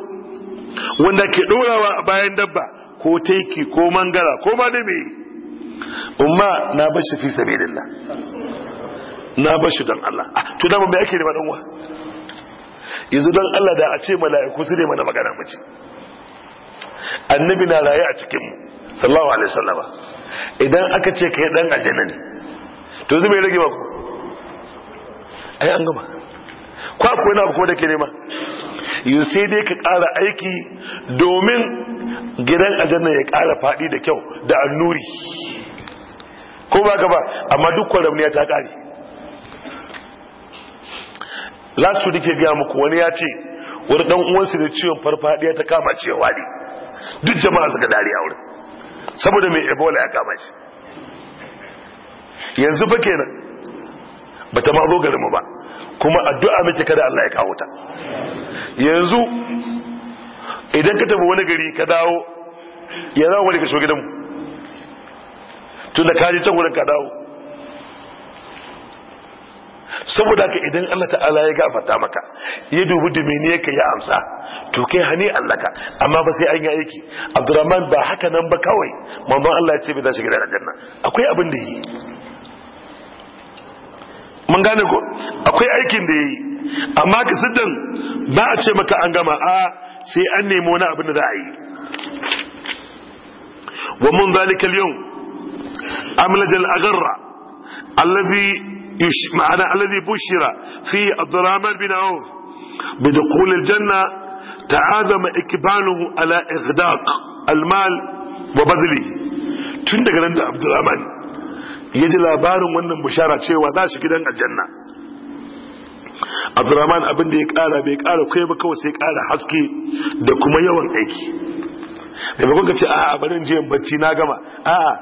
wanda ke dorawa a bayan dabba ko teki ko mangara ko ba da me umma na bashi fi sabilillah na bashi dan Allah ah, to da me ake da dan wa yanzu dan Allah da a ce mala'iku su ne mana magana mace annabi na raye a cikin mu sallallahu alaihi wasallama idan aka ce kai dan aljanna ne to zai mai rage ba ku ai an gama kwa na ko da ke nema yi sai dai ka ƙara aiki domin gidan aljanna ya ƙara faɗi da kyau da annuri ko ba gaba, amma duk kwaramniya ta ƙare last week ke gaya muku wani ya ce wani ɗan uwansu da ciwon farfadiya ta kama cewa ne duk jama'a suka dariya wurin saboda mai ebola ya kama shi yanzu ba kenan ba ta ma zo garinmu ba kuma addu'a mace kada Allah ya kawo ta yanzu idan ka tafi wani gari ka dawo ya zama wani kashe gidanmu, tun da kaji can wurin ka dawo saboda ka idan Allah ta'ala ya gafarta maka ya dubi dimini ya ka ya amsa to kai hani ka amma ba sai an yi aiki abdurrahman ba haka nan ba kawai mamman allah ya ce bai za shi gidan aljanna akwai abin da yi mun gane ko akwai aikin da yi amma ka siddan ba a ce maka an gama a sai an nemi wani abin da za a yi wa mun zalika yau amlajal agarra allazi ma'ana allazi bushira fi abdurrahman bin auf بدخول الجنة ta'azama ikbaluhu ala igdaq almal wa bazli tun daga nan da abdurrahman ya ji labarin wannan bushara cewa za shi gidan aljanna abdurrahman abin da ya kara bai kara kai ba kawai sai kara haske da kuma yawan aiki da bakon ka ce barin bacci na gama a'a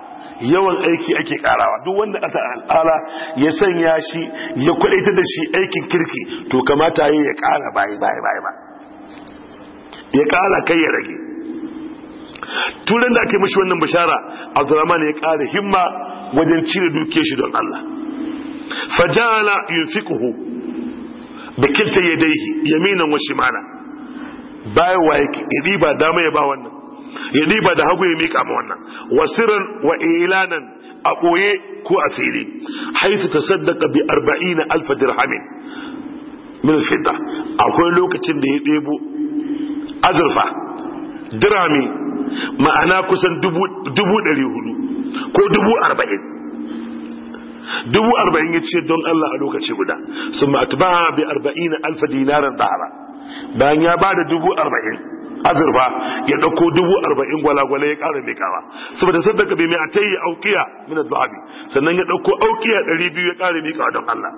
yawan aiki ake karawa duk wanda ƙasa al'ala ya sanya shi ya kwadaita da shi aikin kirki to kamata ya kara bayi bayi bayi ba ya kara kai ya rage turan da ake mashi wannan bishara abdurrahman ya kara himma wajen cire dukiyar shi don Allah fajala yunfiquhu bikinta yadayhi yaminan wa shimala bayarwa ya riba da ya ba wannan ya riba da hagu ya mika ma wannan wasiran wa ilanan a ɓoye ko a fili haifu ta bi 40000 dirham min fidda akwai lokacin da ya ɗebo azurfa dirami ma'ana kusan dubu ɗari hudu ko dubu arba'in dubu arba'in ya ce don Allah a lokaci guda sun ma'atuba bi arba'in alfa dinaran tsara bayan ya ba da dubu arba'in azurfa ya ɗauko dubu arba'in gwalagwale ya ƙara mai kawa saboda sadaka bai mai a ta tayi aukiya min zahabi sannan ya ɗauko aukiya ɗari biyu ya ƙara mai kawa don Allah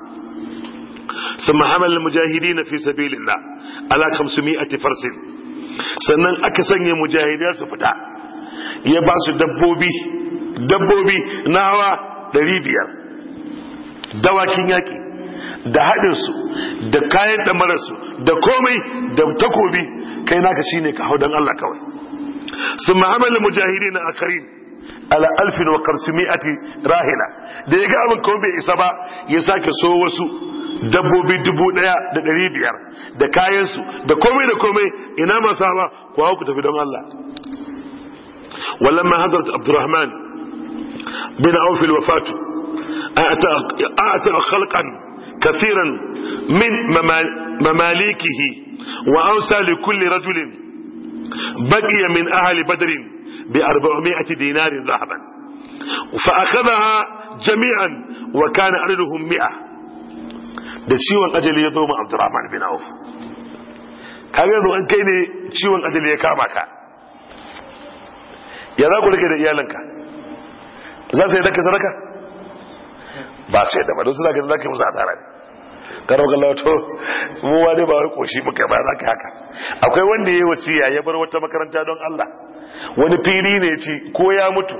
sun mahamal mujahidi na fi sabilillah ala kamsu mi'ati farsin sannan aka sanya mujahidai su fita ya ba su dabbobi dabbobi na hawa dari biyar dawakin yaki, da haɗinsu da kayan ɗamararsu da komai da takobi kai naka ne ka hau don Allah kawai Su Muhammadu mujahidi na akari ala alfin wa karsu ati, rahila da ya ga abin kawai bai isa ba ya sake so wasu dabbobi dubu ɗaya da ɗari biyar da kayansu da komai da komai ina masu hawa ku hau ku tafi don Allah wallan ma hazarta abdurrahman bin aufil wafatu a'ata khalqan kasiran min mamalikihi wa awsa li kulli rajulin baqiya min ahli badrin bi 400 dinarin dhahaban fa akhadhaha jami'an wa kana arduhum 100 da ciwon ajali ya zo ma abdurrahman bin auf ga yanzu an kai ne ciwon ajali ya kama ka ya za ku rike da iyalinka za su yi daka sadaka ba su yadda ba don su za ka yi zaka musu asara ne karar ga lauto mu wani ba wai koshi muka ba za ka haka akwai wanda ya yi wasiya ya bar wata makaranta don Allah wani fili ne ci ko ya mutu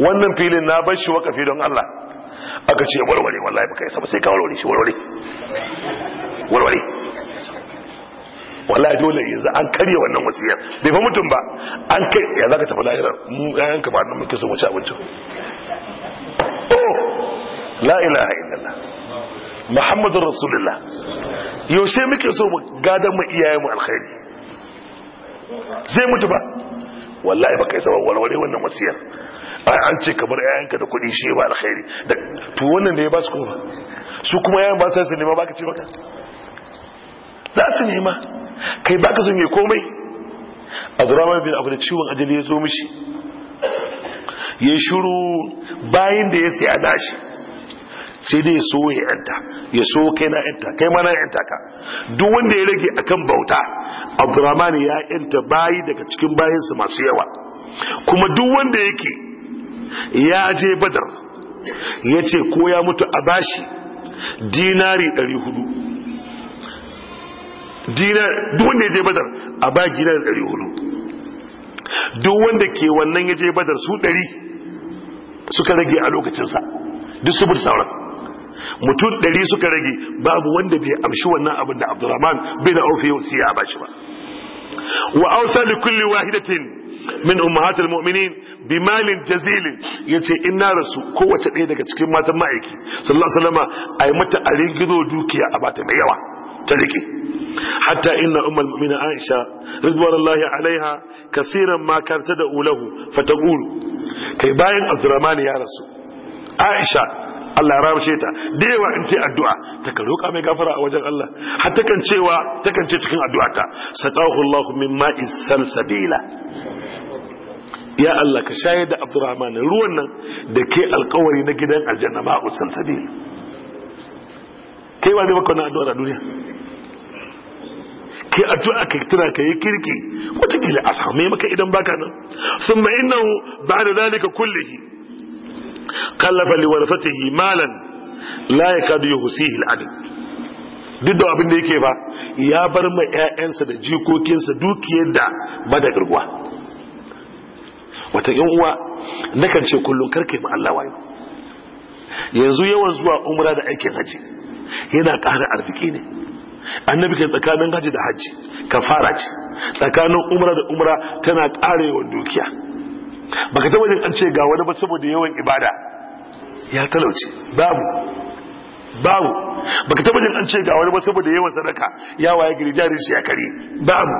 wannan filin na bar shi wakafi don Allah aka ce warware wallahi baka isa ba sai ka warware shi warware warware wallahi dole yanzu an karye wannan wasiyar bai fa mutum ba an kai ya zaka tafi lahirar mu ƴaƴan ka ba nan muke so mu ci abinci oh la ilaha illallah muhammadur rasulullah yaushe muke so mu gadan mu iyayen mu alkhairi zai mutu ba wallahi baka isa ba warware wannan wasiyar ai an ce kamar yayanka da kuɗi shi ba alkhairi to wannan da ya ba su kuma su kuma yayan ba su nema ba ka ce maka za su nema kai ba ka so mai komai abdurrahman bin abu da ciwon ajali ya zo mishi ya shuru bayan da ya sai a dashi sai dai ya so ya yanta ya so kai na yanta kai ma na yanta ka duk wanda ya rage akan bauta abdurrahman ya yanta bayi daga cikin bayinsa masu yawa kuma duk wanda yake ya je badar ya ce ko ya mutu a bashi dinari 400 duk wanda ya je badar a ba dinari ɗari hudu duk wanda ke wannan ya je badar su 100 suka rage a lokacinsa duk su mutu sauran mutum 100 suka rage babu wanda bai amshi wannan abin da abdurrahman bai na ofe yau siya a bashi ba wa'ausa da kulle wahidatin min ummahatul mu'minin bi malin jazilin yace in na rasu kowace ɗaya daga cikin matan ma'aiki sallallahu alaihi wasallama mata a gizo dukiya a bata mai yawa ta riƙe. hatta inna ummul mu'minin aisha ridwanullahi alaiha kasiran ma karta da ulahu fataqulu kai bayan azraman ya rasu aisha Allah ya ramshe ta da yawa in ta addu'a ta ka roƙa mai gafara a wajen Allah har ta kan cewa ta kan ce cikin addu'a ta saqahu Allahu min ma'i sabila. ya Allah ka shayar da Abdurrahman ruwan nan da ke alkawari na gidan aljanna ma usan kai ba zai addu'a a duniya kai addu'a ka tira ka yi kirki wata a same maka idan baka nan thumma innahu ba'da zalika kullihi qallafa li warasatihi malan la yakadu yuhsihi al duk da abin da yake ba ya bar ma 'ya'yansa da jikokinsa dukiyar da ba da wata yan uwa kan ce kullum karka yi ma Allah wayo yanzu yawan zuwa umra da aikin haji yana ƙara arziki ne annabi kai tsakanin haji da haji kafara ce tsakanin umra da umra tana ƙara yawan dukiya baka taba jin an ce ga wani ba saboda yawan ibada ya talauce babu babu baka taba jin an ce ga wani ba saboda yawan sadaka ya waye gari shi ya kare babu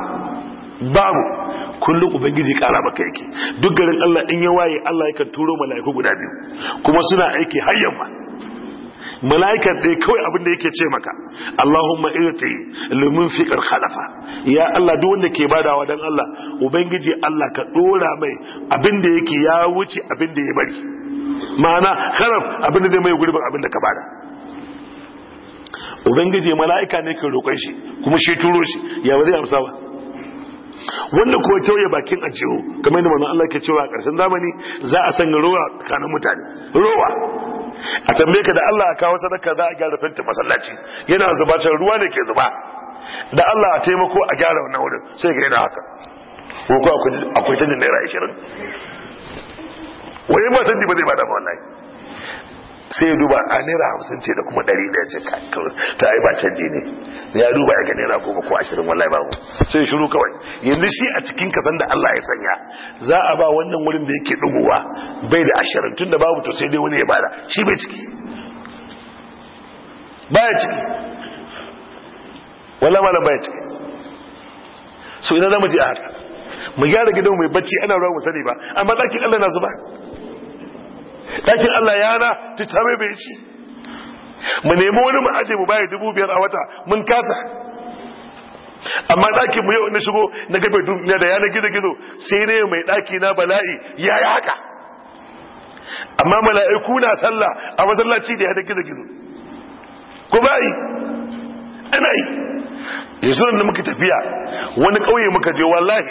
babu kullum ubangiji kara maka yake duk garin Allah in ya waye Allah yakan turo mala'iku guda biyu kuma suna aiki har yamma mala'ika dai kawai abin da yake ce maka Allahumma irti lumin fiƙar khalafa ya Allah duk wanda ke badawa dan Allah ubangiji Allah ka ɗora mai abin da yake ya wuce abin da ya bari ma'ana kharaf abin da zai mai gurbin abin da ka bada ubangiji mala'ika ne ke roƙon shi kuma shi turo shi ya ba zai amsa ba wanda kuwa tauye bakin ajiyo kamar yadda manzon Allah ke cewa a ƙarshen zamani za a sanya rowa tsakanin mutane rowa a tambaye ka da Allah a kawo sadaka za a gyara fentin masallaci yana zuba can ruwa ne ke zuba da Allah a taimako a gyara wannan wurin sai ga yana haka ko akwai canjin naira ashirin wani ba canji ba zai bada ba wallahi sai ya duba a naira hamsin ce da kuma ɗari ɗaya ce ta yi ba canji ne ya duba ya ga naira goma ko ashirin wallahi ba mu sai shiru kawai yanzu shi a cikin kasan da Allah ya sanya za a ba wannan wurin da yake dubuwa bai da ashirin tun da babu to sai dai wani ya bada shi bai ciki baya ciki wallahi malam baya ciki so ina zamu je a haka mu gyara gidan mai bacci ana ruwa mu sani ba amma ɗakin Allah na zuba ɗakin Allah yana ta tare bai ci. mu nemi wani mu aje mu bayar dubu biyar a wata mun kasa amma ɗakin mu yau na shigo na gabe duniya da yana gizo gizo sai ne mai ɗaki na bala'i ya yi haka amma mala'iku na sallah a masallaci da yana gizo gizo Ku bayi ana yi yanzu da muka tafiya wani ƙauye muka je wallahi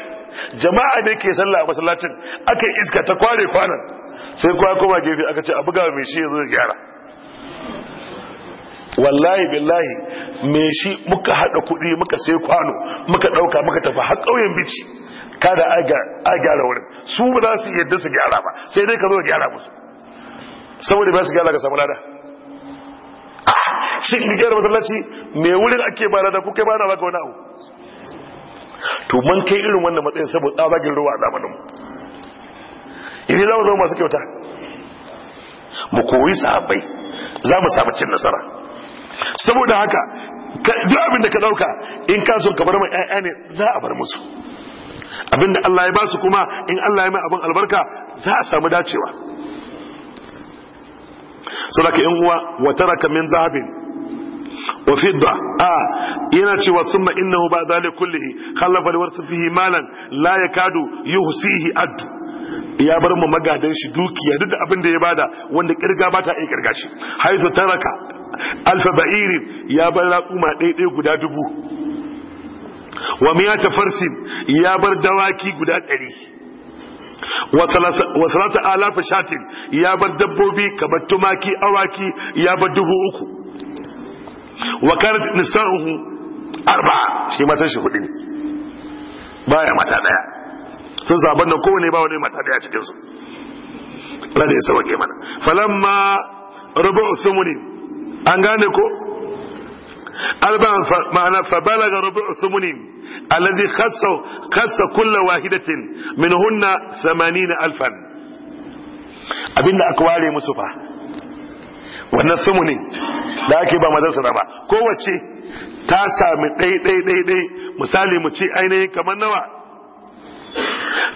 jama'a ne ke sallah a masallacin aka iska ta kware kwanan sai kuma kuma gefe aka ce a buga mai shi yanzu da gyara wallahi billahi mai shi muka haɗa kuɗi muka sai kwano muka ɗauka muka tafi har ƙauyen bici kada a gyara wurin su ba za su yadda su gyara ba sai dai ka zo gyara musu saboda ba su gyara ga samu lada ah, shi ne gyara masallaci mai wurin ake ba lada kuka ba na baka wani abu to mun kai irin wannan matsayin saboda tsabagen ruwa a zamaninmu idan za mu zama masu kyauta mu koyi sahabbai za mu samu cin nasara saboda haka duk abin da ka dauka in ka so ka bar ma ƴaƴa ne za a bar musu abinda Allah ya ba su kuma in Allah ya mai abin albarka za a samu dacewa sadaka in uwa wa taraka min zahabin وفضة آه يناتي وثم إنه بعد ذلك كله خلف لورثته مالا لا يكاد يهسيه addu. ya bar mu magadan shi dukiya duk da abin da ya bada wanda kirga ba ta iya kirga shi haizu taraka alfa ba'iri ya bar raƙuma ɗaiɗai guda dubu wa miyata farsin ya bar dawaki guda ɗari wa salata alafa shatin ya bar dabbobi kamar tumaki awaki ya bar dubu uku wa kanat nisa'uhu arba'a shi matan shi hudu ne baya mata daya sun sabon nan kowane ba wani mata daya cikin su Allah da ya sauke mana falamma rubu usmuni an gane ko alban ma'ana fa balaga rubu usmuni alladhi khassa khassa kull wahidatin minhunna 80 alfan abinda aka ware musu fa wannan sumuni. da ake ba madarsa ba kowace ta sami ɗai ɗai ɗai ɗai misali mu ce ainihin kamar nawa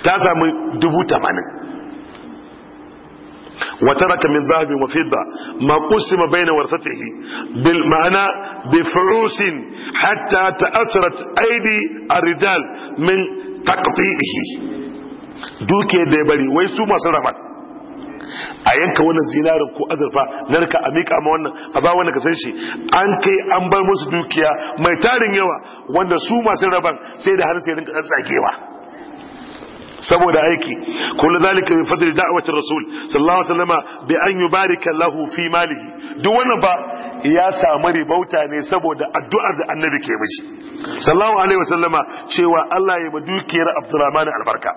ta samu dubu tamanin wata raka min zahabin wa fidda ma kusima ta yi bil ma'ana bi furusin hatta ta'assarat aidi ar-rijal min taqtihi duke da bari wai su masu rabat a yanka wannan zinarin ko azurfa na rika a miƙa ma wannan a ba wanda ka san shi an kai an bar musu dukiya mai tarin yawa wanda su masu raban sai da har sai rinka tsakewa saboda aiki kullu zalika min fadli da'wati rasul sallallahu alaihi wasallam bi an yubarika lahu fi malihi duk wannan ba ya samu ribauta ne saboda addu'ar da annabi ke mishi sallallahu alaihi wasallama cewa Allah ya ba dukiyar Abdurrahman albarka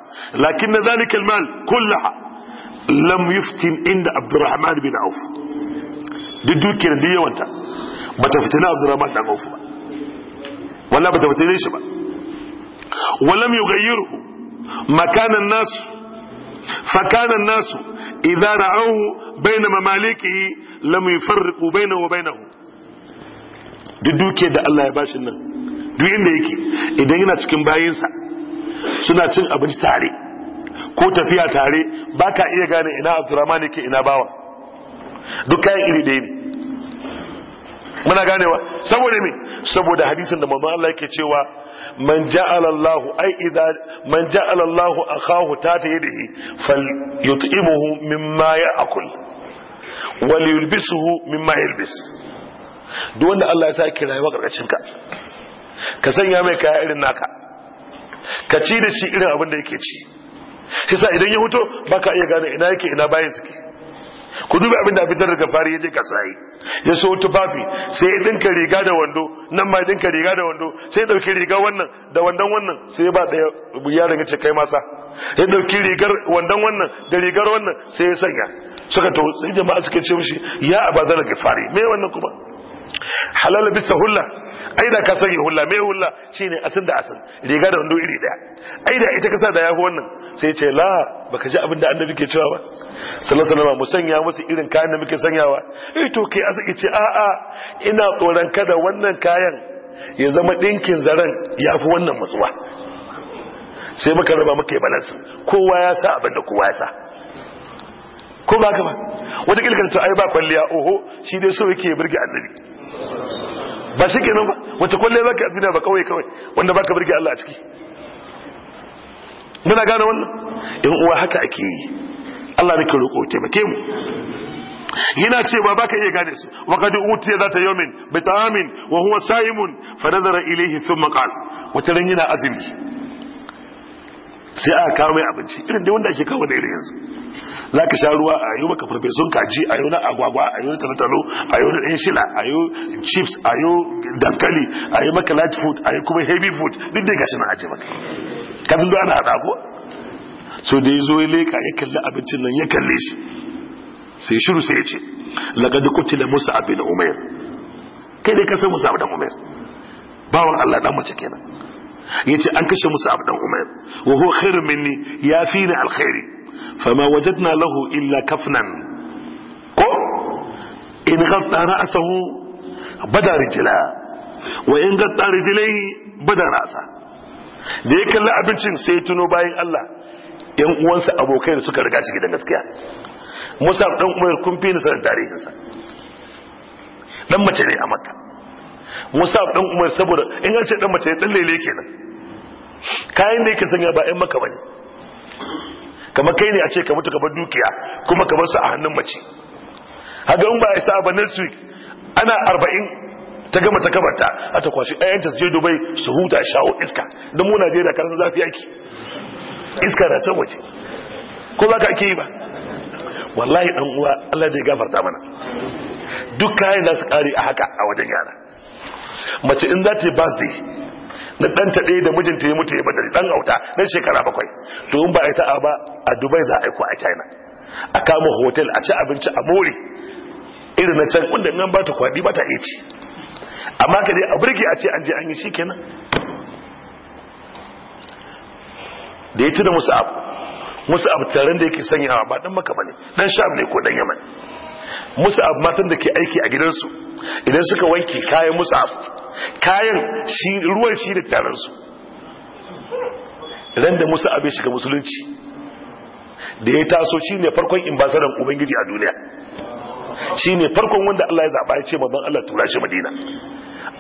lakin zalika almal kullaha lam yuftin inda Abdurrahman bin Auf duk dukiyar da yawanta bata fitina Abdurrahman dan Auf ba wallahi bata fitine shi ba walam yughayyiruhu مكان الناس فكان الناس إذا رعوه بين ممالكه لم يفرقوا بينه وبينه duk duke da Allah ya bashi nan duk inda yake idan yana cikin bayinsa suna cin abinci tare ko tafiya tare ba ka iya gane ina abdurrahman yake ina bawa duk kayan iri da ne muna ganewa saboda me saboda hadisin da manzo Allah yake cewa man ja'ala Allah ai idza man ja'ala Allah akahu tata yadihi falyut'imuhu mimma ya'kul wal yulbisuhu mimma yalbis duk wanda Allah ya sa ki rayuwa karkashin ka ka sanya mai kaya irin naka ka ci da shi irin abin da yake ci shi sa idan ya huto baka iya gane ina yake ina bayan suke ku duba abin da fitar daga fari ya je kasayi ya so tufafi sai ya dinka riga da wando nan ma ya dinka riga da wando sai ya dauki riga wannan da wandon wannan sai ya ba da yaron ya ce kai masa ya dauki rigar wandon wannan da rigar wannan sai ya sanya suka to sai jama'a suka ce mishi ya abazar fari. me wannan kuma halal bisa hulla ai da ka sanya hulla mai hulla shine asin da asin riga da wando iri daya ai da ita kasa da yafi wannan sai ce la baka ji abin da annabi ke cewa ba sallallahu alaihi wasallam mu sanya musu irin kayan da muke sanyawa eh to kai asaki ce a a ina tsoron kada wannan kayan ya zama dinkin zaren yafi wannan matsuwa sai muka raba muka yi kowa ya sa abin da kowa ya sa ko ba ka ba wata kilkata ta ai ba kwalliya oho shi dai so yake birge annabi ba shi kenan ba wace kwalle za ka yi duniya ba kawai kawai wanda ba ka birge Allah a ciki muna gane wannan in uwa haka ake yi Allah ne ka roƙo taimake mu yana cewa baka iya gane su wa qad utiya zata yawmin bi ta'amin wa huwa sa'imun fa nazara ilayhi thumma qala wata ran yana azumi sai aka kawo mai abinci irin dai wanda ake kawo da irin yanzu za ka sha ruwa a yi maka farfesun kaji a na agwagwa a yi na talotalo a yi na shila a yi chips a yi dankali a yi maka light food a yi kuma heavy food duk dai gashi na aje maka kafin ana haɗa ko so da ya zo ya leka ya kalli abincin nan ya kalle shi sai shiru sai ya ce laga da da musa abin Umar. kai dai ka san musa abin Umar. bawan allah dan mace kenan yace an kashe Musa abu dan wa huwa khairu minni ya fi ni alkhairi fama wajadna lahu illa kafnan ko in ghatta ra'sahu bada rijla wa in ghatta rijlaihi bada ra'sa da ya kalli abincin sai tuno bayan Allah yan uwansa abokai da suka riga shi da gaskiya Musa dan Umar kun fi ni sanin tarihinsa dan mace ne a Makka musa dan umar saboda in an ce dan mace dan lele kenan kayan da yake sanya ba ɗan maka bane kamar kai ne a ce ka mutu ka bar dukiya kuma ka bar su a hannun mace haka in ba isa ba next week ana arba'in ta gama ta kabarta a ta kwashi ɗayan ta je dubai su huta shawo iska don mu najeriya kasan zafi yaki iska na can waje ko ba ka ake yi ba wallahi dan uwa allah da ya gafarta mana duk kayan za su kare a haka a wajen yara mace in za ta yi birthday na dan ta da mijinta ya mutu ya bada dan auta na shekara bakwai to in ba a yi ta'a ba a dubai za a aiko a china a kama hotel a ci abinci a more irin na can wanda nan ba ta kwadi ba ta iya ci amma ka dai a burge a ce an je an yi shi kenan da ya tuna musu abu musu abu taron da yake sanya ba dan maka bane dan sham ne ko dan yaman musu abu matan da ke aiki a gidansu idan suka wanke kayan musu abu kayan shi ruwan shi da taransu idan da musa abin shiga musulunci da ya taso shi ne farkon imbasaran ubangiji a duniya shi ne farkon wanda allah ya zaɓa ya ce mazan allah tura shi madina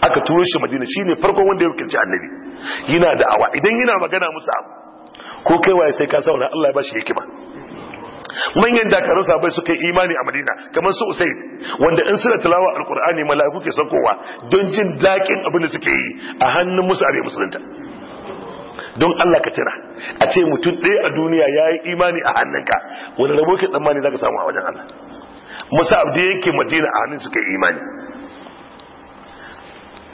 aka turo shi madina shi ne farkon wanda ya wakilci annabi yana da'awa idan yana magana musa ko kaiwa sai ka saura allah ya ba shi hikima manyan dakarun sabai suka yi imani a madina kamar su usaid wanda in suna tilawa alkur'ani mala'iku ke saukowa don jin dakin abin da suke yi a hannun musu abin musulunta don allah ka tira a ce mutum ɗaya a duniya ya yi imani a hannunka wani rabo ke tsammani za ka samu a wajen allah musa abdi yake madina a hannun suka yi imani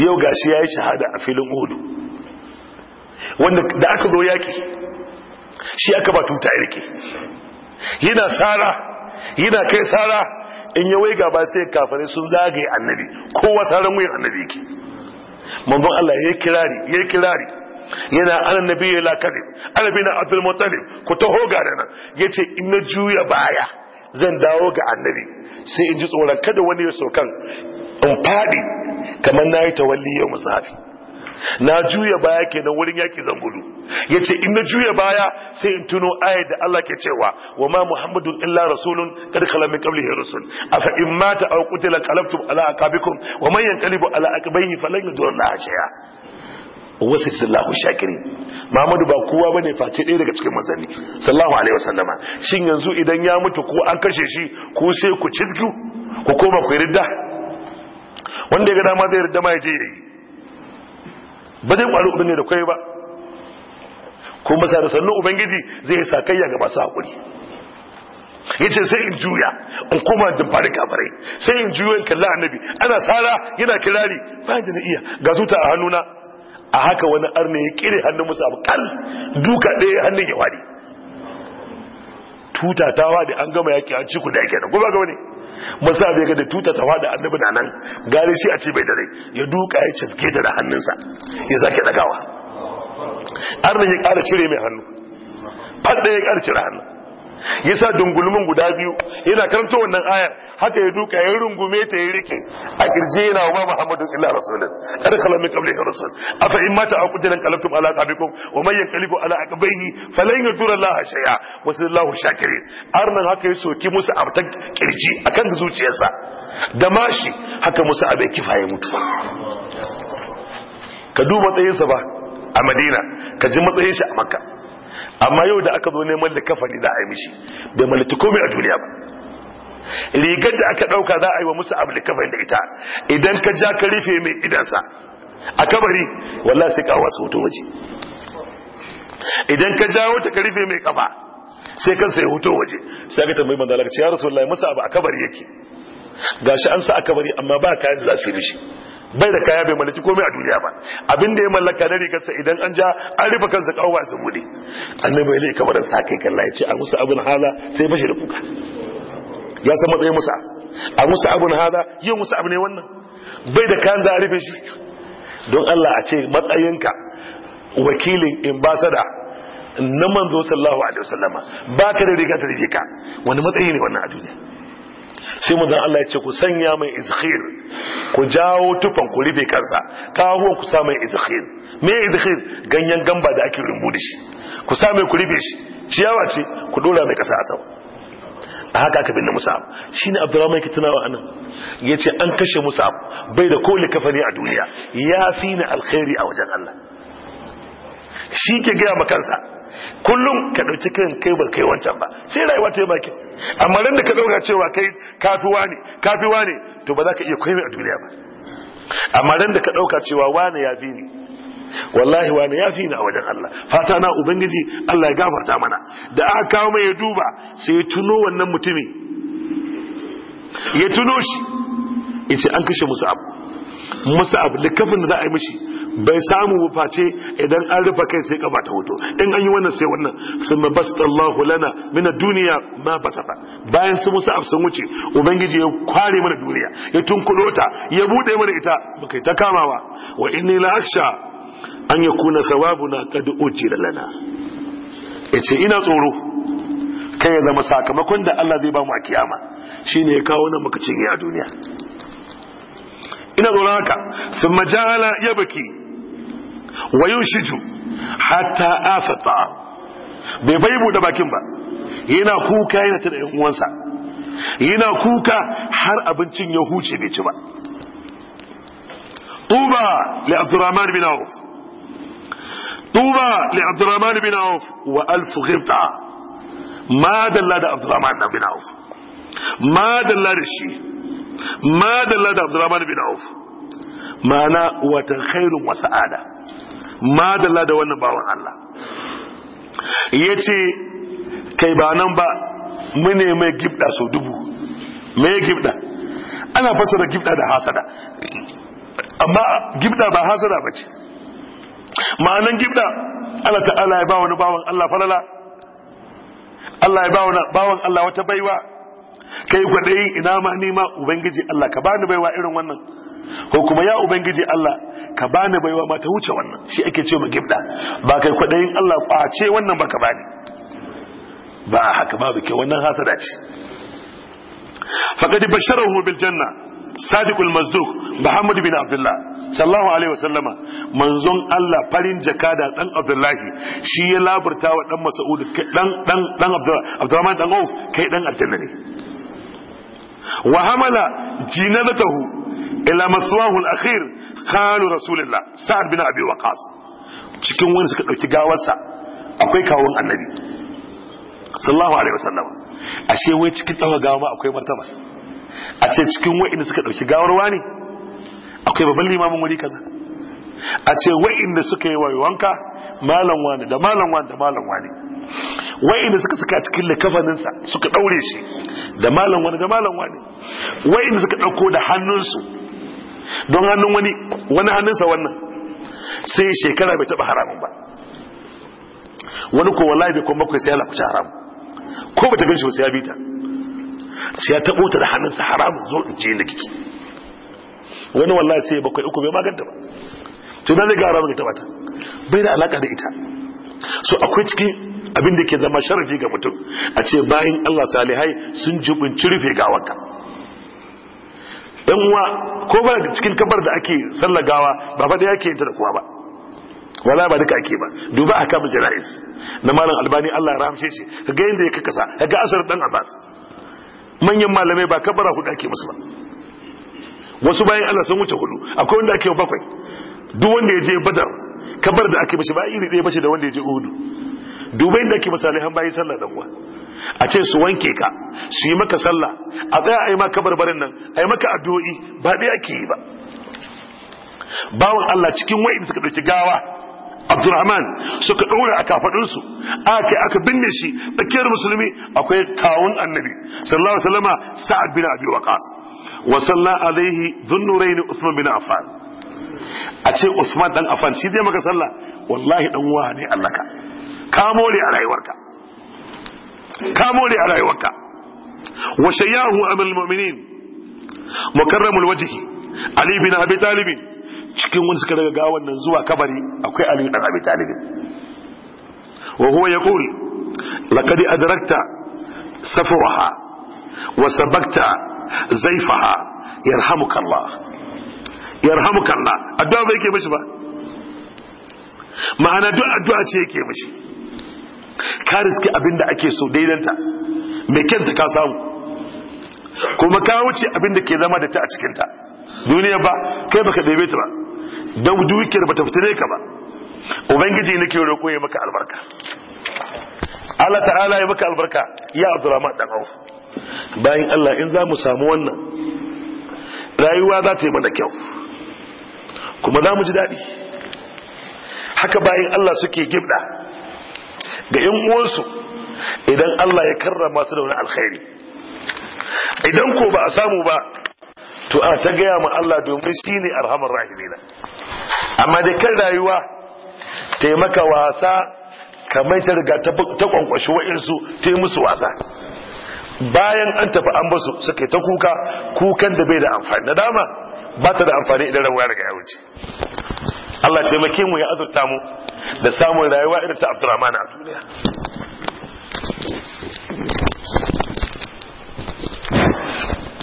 yau gashi ya yi shahada a filin hudu wanda da aka zo yaƙi shi aka ba tuta yarki yana sara yana kai sara in ya waiga ba sai kafare sun zagaye annabi kowa saran wayar annabi ke manzon Allah ya kirari ya kirari yana annabi ya lakari annabi na Abdul Muttalib ku taho ga nan ce in na juya baya zan dawo ga annabi sai in ji tsoron kada wani ya so kan in fadi kamar nayi tawalli yau musafi na juya baya kenan wurin yaki zan gudu yace in na juya baya sai in tuno ayat da Allah ke cewa wa ma muhammadun illa rasulun kad khala min qablihi rusul afa in mata aw qutila qalabtum ala aqabikum wa man yanqalibu ala aqibaihi falan yudurna shay'a wasu sallahu shakiri Muhammadu ba kowa bane face ɗaya daga cikin mazani sallahu alaihi wasallama shin yanzu idan ya mutu ko an kashe shi ko sai ku cizgu ku koma ku ridda wanda ya ga dama zai ridda ma ya je yayi ba zai kwari ubangiji da kwaye ba kuma sa da sannan ubangiji zai yi sakayya ga masu haƙuri ya ce sai in juya in koma da fari kafarai sai in juya in kalla annabi ana sara yana kirari ba da na iya ga tuta a hannuna a haka wani arna ya kire hannun musu abu kal duka ɗaya hannun ya wari tuta ta an gama yaki an ci ku da yake da gaba gaba ne musa bai ga da tuta tawa da annabi da nan gare shi a ce bai dare ya duka ya ta da hannunsa ya sake dagawa arna ya kara cire mai hannu fadda ya kara cire hannu ya sa dungulmin guda biyu yana karanta wannan ayar haka ya duka ya rungume ta ya rike a kirje yana wa muhammadu illa rasulun kada kala min qabli rasul afa in mata a kudilan kalatum ala sabikum wa man yanqalibu ala yi. falan yadur allah shay'a wa sallallahu shakirin arnan haka ya soki musu a ta kirji akan zuciyarsa da mashi haka musu abai kifaye mutu ka duba tsayinsa ba a madina ka ji matsayin shi a makka amma yau da aka zo neman da likafani za a yi mishi bai mallaki komai a duniya ba rigar da aka dauka za a yi wa musu abu da likafani da ita idan ka ja ka rufe mai idansa a kabari wallahi sai kawo wasu hoto waje idan ka ja wata ka rufe mai kafa sai kan sai hoto waje sai ka tambayi manzo Allah ya rasulullahi musu abu a kabari yake gashi an sa a kabari amma ba kayan da za su yi mishi bai da kaya bai mallaki komai a duniya ba abin da ya mallaka na rigarsa idan an ja an rufe kansa kawai su bude annabi ya leka barin sa kai kalla ya ce a musu abin hala sai bashi da kuka ya san matsayin musa a musu abin hala yau musu abu ne wannan bai da kayan da a rufe shi don Allah a ce matsayinka wakilin ambasada na manzo sallallahu alaihi wasallama baka da riga ta rike ka wani matsayi ne wannan a duniya sai dan Allah ya ce ku sanya mai izkhir ku jawo tufan ku rufe kansa kawo ku sa mai izkhir me izkhir ganyen gamba da ake rumbu da shi ku sa mai ku rufe shi ciyawa ce ku dora mai kasa a sama a haka aka binne musa shi ne abdurrahman yake tunawa anan ya ce an kashe musa bai da koli kafani a duniya ya fi ni alkhairi a wajen allah shi ke gaya ma kansa kullum ka ɗauki kan kai ba kai wancan ba sai rayuwa ta yi maki amma ran da ka dauka cewa kai kafiwa ne kafiwa ne to ba za ka iya komai a duniya ba amma ran da ka dauka cewa wane ya fi ni wallahi wane ya fi ni a wajen Allah fata na ubangiji Allah ya gafarta mana da aka kawo mai ya duba sai ya tuno wannan mutumi ya tuno shi yace an kashe Musa'ab abu likafin da za a yi mishi bai samu face idan an rufe kai sai kaba ta hoto in an yi wannan sai wannan sun mabastallahu lana mina duniya ma ba bayan su musa sun wuce ubangiji ya kware mana duniya ya tunkudo ta ya bude mana ita bakai ta kamawa wa inni la aksha an kuna na kadu uji da lana Ya ce ina tsoro kai ya zama sakamakon da Allah zai ba mu a kiyama shine ya kawo nan muka cinye a duniya ina tsoron haka sun majala ya baki wa yushiju hatta afata bai bai bude bakin ba yana kuka yana tada yan uwansa yana kuka har abincin ya huce bai ci ba tuba li abdurrahman bin auf tuba li abdurrahman bin auf wa alf ghibta ma dalla da abdurrahman bin auf ma dalla da shi ma dalla da abdurrahman bin auf ma'ana wata khairun wa sa'ada madalla da wannan bawan Allah ya ce kai ba nan ba mune mai gibda sau dubu mai gibda ana fasara gibda da hasada amma gibda ba hasada ba ce ma'anan gibda Allah ta'ala ya ba wani bawan Allah falala Allah ya ba wani bawan Allah wata baiwa kai kwaɗayi ina ma nima ubangiji Allah ka bani baiwa irin wannan ko kuma ya ubangiji Allah ka bani baiwa ma ta wuce wannan shi ake ce ma gibda ba kai kwadayin Allah a ce wannan baka bani ba haka ba ke wannan hasada ce faqad basharahu bil janna Sadiq sadiqul masduq muhammad bin abdullah sallallahu alaihi wasallama manzon Allah farin jakada dan abdullahi shi ya laburta wa dan mas'ud dan dan dan abdurrahman dan auf kai dan aljanna ne wa hamala jinadatahu ila maswahu al-akhir khalu rasulillah sa'ad bin abi waqas cikin wani suka dauki gawarsa akwai kawun annabi sallallahu alaihi wasallam ashe wai cikin dawa gawa ma akwai martaba a ce cikin wa'inda suka dauki gawar wani akwai babban limamin wuri kaza a ce inda suka yi wanka malam wani da malam wani da malam wani inda suka saka cikin likafaninsa suka daure shi da malam wani da malam wani inda suka dauko da hannunsu don hannun wani wani hannunsa wannan sai shekara bai taba haramun ba wani ko wallahi bai kuma bakwai sai ya lafi haramu? ko ba ta gan shi sai ya bita sai ya taɓo ta da hannunsa haramun zo in je da kiki wani wallahi sai bakwai uku bai maganta ba to na zai ga haramun ta bata? bai da alaka da ita so akwai cikin abin da ke zama sharafi ga mutum a ce bayan Allah salihai sun jibinci rufe wanka. yan uwa ko ba cikin kabar da ake sallagawa ba fa da yake ta da kuwa ba wala ba duka ake ba duba a kamun jara'iz na malam albani Allah ya rahamshe shi kaga da ya kakasa ga asar dan abbas manyan malamai ba kabara hudu ake musu ba wasu bayan Allah sun wuce hudu akwai wanda ake bakwai duk wanda ya je badar kabar da ake mashi ba iri ɗaya bace da wanda ya je uhudu dubai da ake misalai han bayi sallah dan uwa a ce su wanke ka su yi maka sallah a tsaya a yi maka barbarin nan a yi maka addu'o'i ba dai ake yi ba bawan Allah cikin wa'in suka ɗauki gawa Abdurrahman suka ɗaura a su aka aka binne shi tsakiyar musulmi akwai kawun annabi sallallahu alaihi wasallama sa'ad bin abi waqas wa salla alaihi dhunnurayn uthman bin affan a ce usman dan affan shi zai maka sallah wallahi dan uwa ne Allah ka more a rayuwarka ka ne a rayuwarka wa yahu amil mu'minin mukarramul wajhi ali bin abi talib cikin wani suka daga gawan nan zuwa kabari akwai ali bin abi talib wa huwa yaqul laqad adrakta safraha wa sabakta zaifaha yarhamuka allah yarhamuka allah addu'a bai ke mishi ba ma'ana duk addu'a ce yake mishi ka riski abin da ake so daidanta mai kyanta ka samu kuma ka wuce abin da ke zama da ta a cikinta duniya ba kai baka ɗebe ta ba don dukiyar ba ta ka ba ubangiji nake roƙo ya maka albarka Allah ta'ala ya maka albarka ya Abdurrahman dan Auf bayan Allah in za mu samu wannan rayuwa za ta yi mana kyau kuma za mu ji daɗi haka bayan Allah suke gibda ga yan uwansu idan Allah ya karrama su da wani alkhairi idan ko ba a samu ba to a ta gaya mu Allah domin shi ne arhamar rahimina amma da kan rayuwa taimaka wasa kamar ta riga ta kwankwashi wa'insu ta musu wasa bayan an tafi an basu suka yi ta kuka kukan da bai da amfani na dama ba ta da amfani idan rawaya daga ya Allah taimake mu ya azurta mu da samun rayuwa irin ta Abdurrahman a duniya